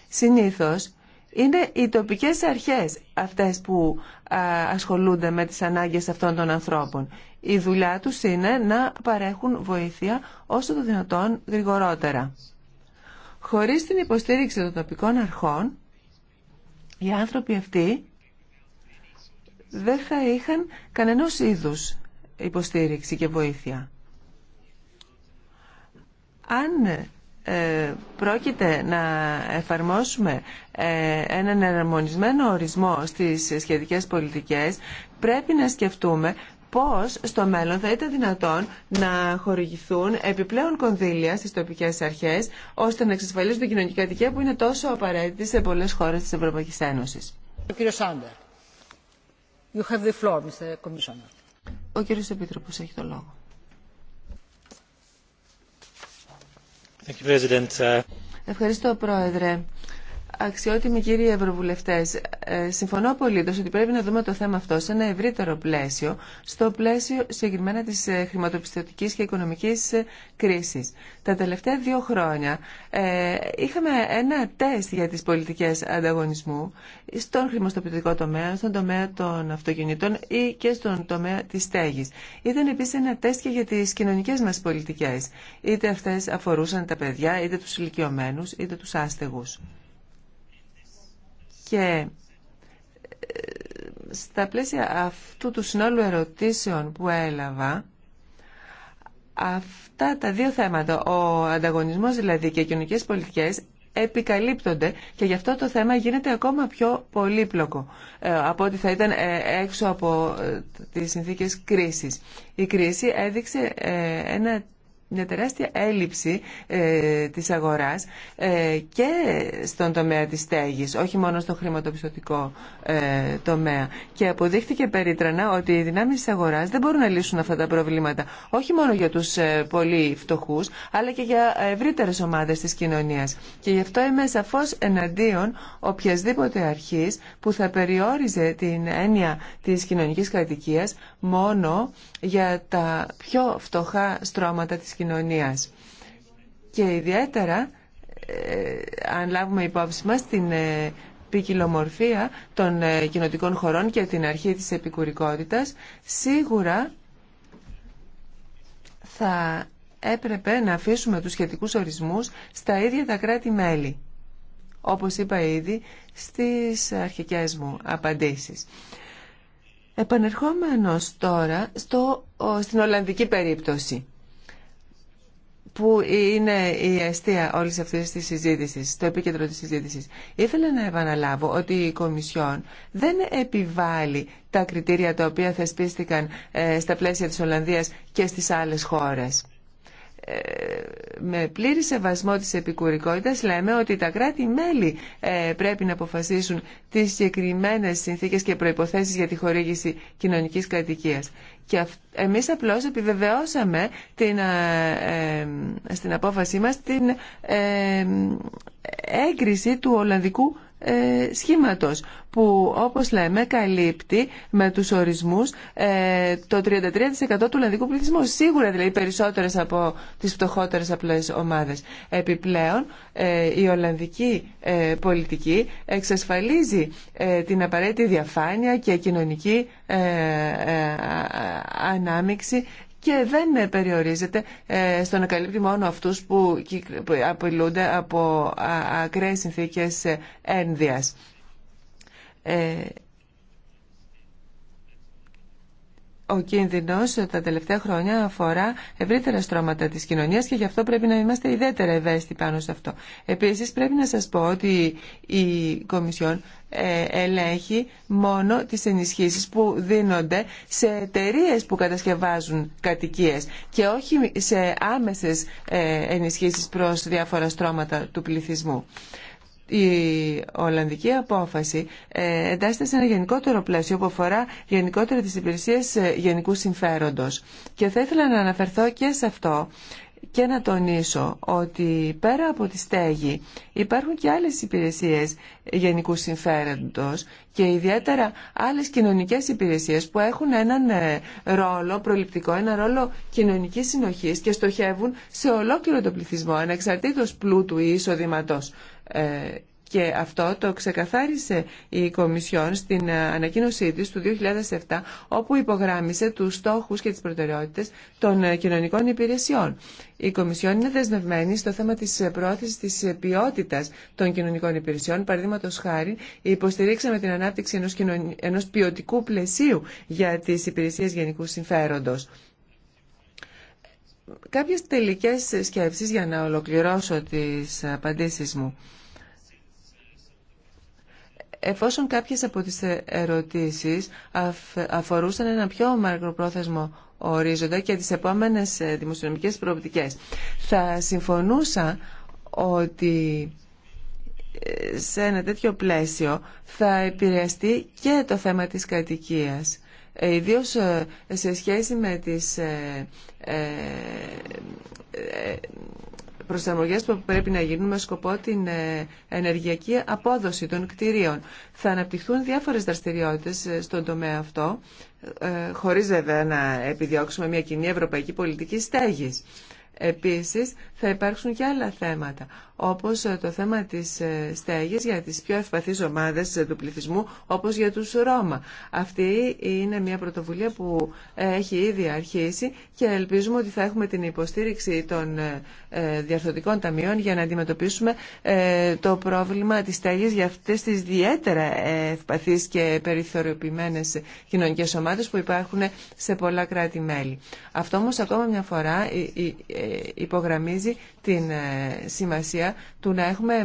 Συνήθως είναι οι τοπικές αρχές αυτές που ε, ασχολούνται με τις ανάγκες αυτών των ανθρώπων. Η δουλειά του είναι να παρέχουν βοήθεια όσο το δυνατόν γρηγορότερα. Χωρίς την υποστήριξη των τοπικών αρχών, οι άνθρωποι αυτοί δεν θα είχαν κανένας είδους υποστήριξη και βοήθεια. Αν ε, πρόκειται να εφαρμόσουμε ε, έναν εναρμονισμένο ορισμό στις σχετικές πολιτικές, πρέπει να σκεφτούμε πώς στο μέλλον θα ήταν δυνατόν να χορηγηθούν επιπλέον κονδύλια στις τοπικές αρχές ώστε να εξασφαλίσουν την κοινωνική κατοικία που είναι τόσο απαραίτητη σε πολλές χώρες της Ευρωπαϊκής Ένωσης. Ο κύριο Σάντερ. You have the floor, Mr. Commissioner. Ο κύριος Επίτροπος έχει το λόγο. Thank you, President. Ευχαριστώ, Πρόεδρε. Αξιότιμοι κύριοι Ευρωβουλευτέ, ε, συμφωνώ απολύτω ότι πρέπει να δούμε το θέμα αυτό σε ένα ευρύτερο πλαίσιο, στο πλαίσιο συγκεκριμένα τη ε, χρηματοπιστωτική και οικονομική ε, κρίση. Τα τελευταία δύο χρόνια είχαμε ένα τεστ για τι πολιτικέ ανταγωνισμού στον χρηματοπιστωτικό τομέα, στον τομέα των αυτοκινήτων ή και στον τομέα τη στέγη. Ήταν επίση ένα τεστ και για τι κοινωνικέ μα πολιτικέ. Είτε αυτέ αφορούσαν τα παιδιά, είτε του ηλικιωμένου, είτε του άστεγου. Και ε, στα πλαίσια αυτού του συνόλου ερωτήσεων που έλαβα, αυτά τα δύο θέματα, ο ανταγωνισμός δηλαδή και οι κοινωνικές πολιτικές, επικαλύπτονται και γι' αυτό το θέμα γίνεται ακόμα πιο πολύπλοκο ε, από ό,τι θα ήταν ε, έξω από τις συνθήκες κρίσης. Η κρίση έδειξε ένα μια τεράστια έλλειψη ε, της αγοράς ε, και στον τομέα της στέγης, όχι μόνο στο χρηματοπιστωτικό ε, τομέα. Και αποδείχθηκε περίτρανα ότι οι δυνάμεις της αγοράς δεν μπορούν να λύσουν αυτά τα προβλήματα, όχι μόνο για τους ε, πολύ φτωχούς, αλλά και για ευρύτερε ομάδες της κοινωνίας. Και γι' αυτό είμαι σαφώς εναντίον οποιασδήποτε αρχής που θα περιόριζε την έννοια της κοινωνικής κατοικίας μόνο για τα πιο φτωχά στρώματα της κοινωνίας. Και ιδιαίτερα, ε, αν λάβουμε υπόψη μας την ε, ποικιλομορφία των ε, κοινοτικών χωρών και την αρχή της επικουρικότητας, σίγουρα θα έπρεπε να αφήσουμε τους σχετικούς ορισμούς στα ίδια τα κράτη-μέλη, όπως είπα ήδη στις αρχικές μου απαντήσεις. Επανερχόμενος τώρα στο, στην Ολλανδική περίπτωση που είναι η αιστεία όλη αυτή τη συζήτηση, το επίκεντρο τη συζήτηση. Ήθελα να επαναλάβω ότι η Κομισιόν δεν επιβάλλει τα κριτήρια τα οποία θεσπίστηκαν ε, στα πλαίσια τη Ολλανδία και στι άλλε χώρε. Ε, με πλήρη σεβασμό της επικουρικότητας λέμε ότι τα κράτη-μέλη ε, πρέπει να αποφασίσουν τις συγκεκριμένες συνθήκες και προϋποθέσεις για τη χορήγηση κοινωνικής κατοικίας. Και εμείς απλώς επιβεβαιώσαμε την, ε, ε, στην απόφασή μας την ε, έγκριση του Ολλανδικού ε, σχήματος που όπως λέμε καλύπτει με τους ορισμούς ε, το 33% του Ολλανδικού πληθυσμού σίγουρα δηλαδή περισσότερες από τις φτωχότερες απλές ομάδες επιπλέον ε, η Ολλανδική πολιτική εξασφαλίζει την απαραίτητη διαφάνεια και κοινωνική ανάμειξη και δεν περιορίζεται ε, στο να καλύπτει μόνο αυτούς που απειλούνται από ακραίες συνθήκες ε, ένδυας. Ε, ο κίνδυνο τα τελευταία χρόνια αφορά ευρύτερα στρώματα τη κοινωνία, και γι' αυτό πρέπει να είμαστε ιδιαίτερα ευαίσθητοι πάνω σε αυτό. Επίσης πρέπει να σας πω ότι η Κομισιόν ε, ελέγχει μόνο τις ενισχύσεις που δίνονται σε εταιρείε που κατασκευάζουν κατοικίε και όχι σε άμεσες ε, ενισχύσεις προς διάφορα στρώματα του πληθυσμού η Ολλανδική απόφαση ε, εντάσσεται σε ένα γενικότερο πλαίσιο που αφορά γενικότερα τις υπηρεσίες ε, γενικού συμφέροντος. Και θα ήθελα να αναφερθώ και σε αυτό και να τονίσω ότι πέρα από τη στέγη υπάρχουν και άλλες υπηρεσίες γενικού συμφέροντος και ιδιαίτερα άλλες κοινωνικές υπηρεσίες που έχουν έναν ε, ρόλο προληπτικό, ένα ρόλο κοινωνικής συνοχής και στοχεύουν σε ολόκληρο το πληθυσμό, ανεξαρτήτως πλούτου ή εισοδηματός. Ε, και αυτό το ξεκαθάρισε η Κομισιόν στην ε, ανακοίνωσή της του 2007 όπου υπογράμμισε τους στόχους και τις προτεραιότητες των ε, κοινωνικών υπηρεσιών. Η Κομισιόν είναι δεσμευμένη στο θέμα της προώθησης της ποιότητας των κοινωνικών υπηρεσιών. Παραδείγματο χάρη, υποστηρίξαμε την ανάπτυξη ενός, ενός ποιοτικού πλαισίου για τις υπηρεσίες γενικού συμφέροντος κάποιες τελικές σκέψεις για να ολοκληρώσω τις απαντήσεις μου. Εφόσον κάποιες από τις ερωτήσεις αφορούσαν ένα πιο μακροπρόθεσμο ορίζοντα και τις επόμενες ε, δημοσιονομικές προοπτικές, θα συμφωνούσα ότι ε, σε ένα τέτοιο πλαίσιο θα επηρεαστεί και το θέμα της κατοικίας. Ε, ιδίως σε σχέση με τις προσαρμογές που πρέπει να γίνουν με σκοπό την ε, ενεργειακή απόδοση των κτηρίων. Θα αναπτυχθούν διάφορες δραστηριότητες ε, στον τομέα αυτό, ε, χωρίς βέβαια να επιδιώξουμε μια κοινή ευρωπαϊκή πολιτική στέγης. Επίσης, θα υπάρξουν και άλλα θέματα, όπως ε, το θέμα της ε, στέγης για τις πιο ευπαθείς ομάδες ε, του πληθυσμού, όπως για τους Ρώμα. Αυτή είναι μια πρωτοβουλία που έχει ήδη αρχίσει και ελπίζουμε ότι θα έχουμε την υποστήριξη των διαρθωτικών ταμείων για να αντιμετωπίσουμε το πρόβλημα της στέγης για αυτές τις ιδιαίτερα ευπαθείς και περιθωριοποιημένες κοινωνικές ομάδες που υπάρχουν σε πολλά κράτη-μέλη. Αυτό όμως ακόμα μια φορά υπογραμμίζει την ε, σημασία του να έχουμε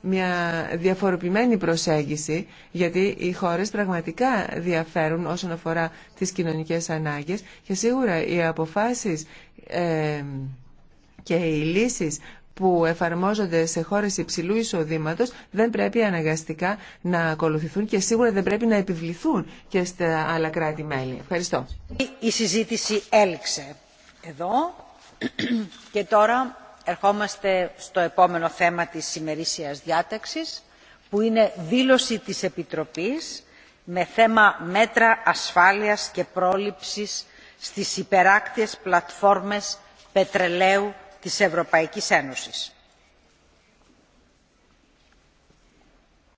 μια διαφοροποιημένη προσέγγιση γιατί οι χώρες πραγματικά διαφέρουν όσον αφορά τις κοινωνικές ανάγκες και σίγουρα οι αποφάσεις ε, και οι λύσεις που εφαρμόζονται σε χώρες υψηλού εισοδήματος δεν πρέπει αναγκαστικά να ακολουθηθούν και σίγουρα δεν πρέπει να επιβληθούν και στα άλλα κράτη-μέλη. Ευχαριστώ. Η συζήτηση έλξε εδώ. Και τώρα ερχόμαστε στο επόμενο θέμα της ημερήσιας διάταξης που είναι δήλωση της Επιτροπής με θέμα μέτρα ασφάλειας και πρόληψης στις υπεράκτιες πλατφόρμες πετρελαίου της Ευρωπαϊκής Ένωσης.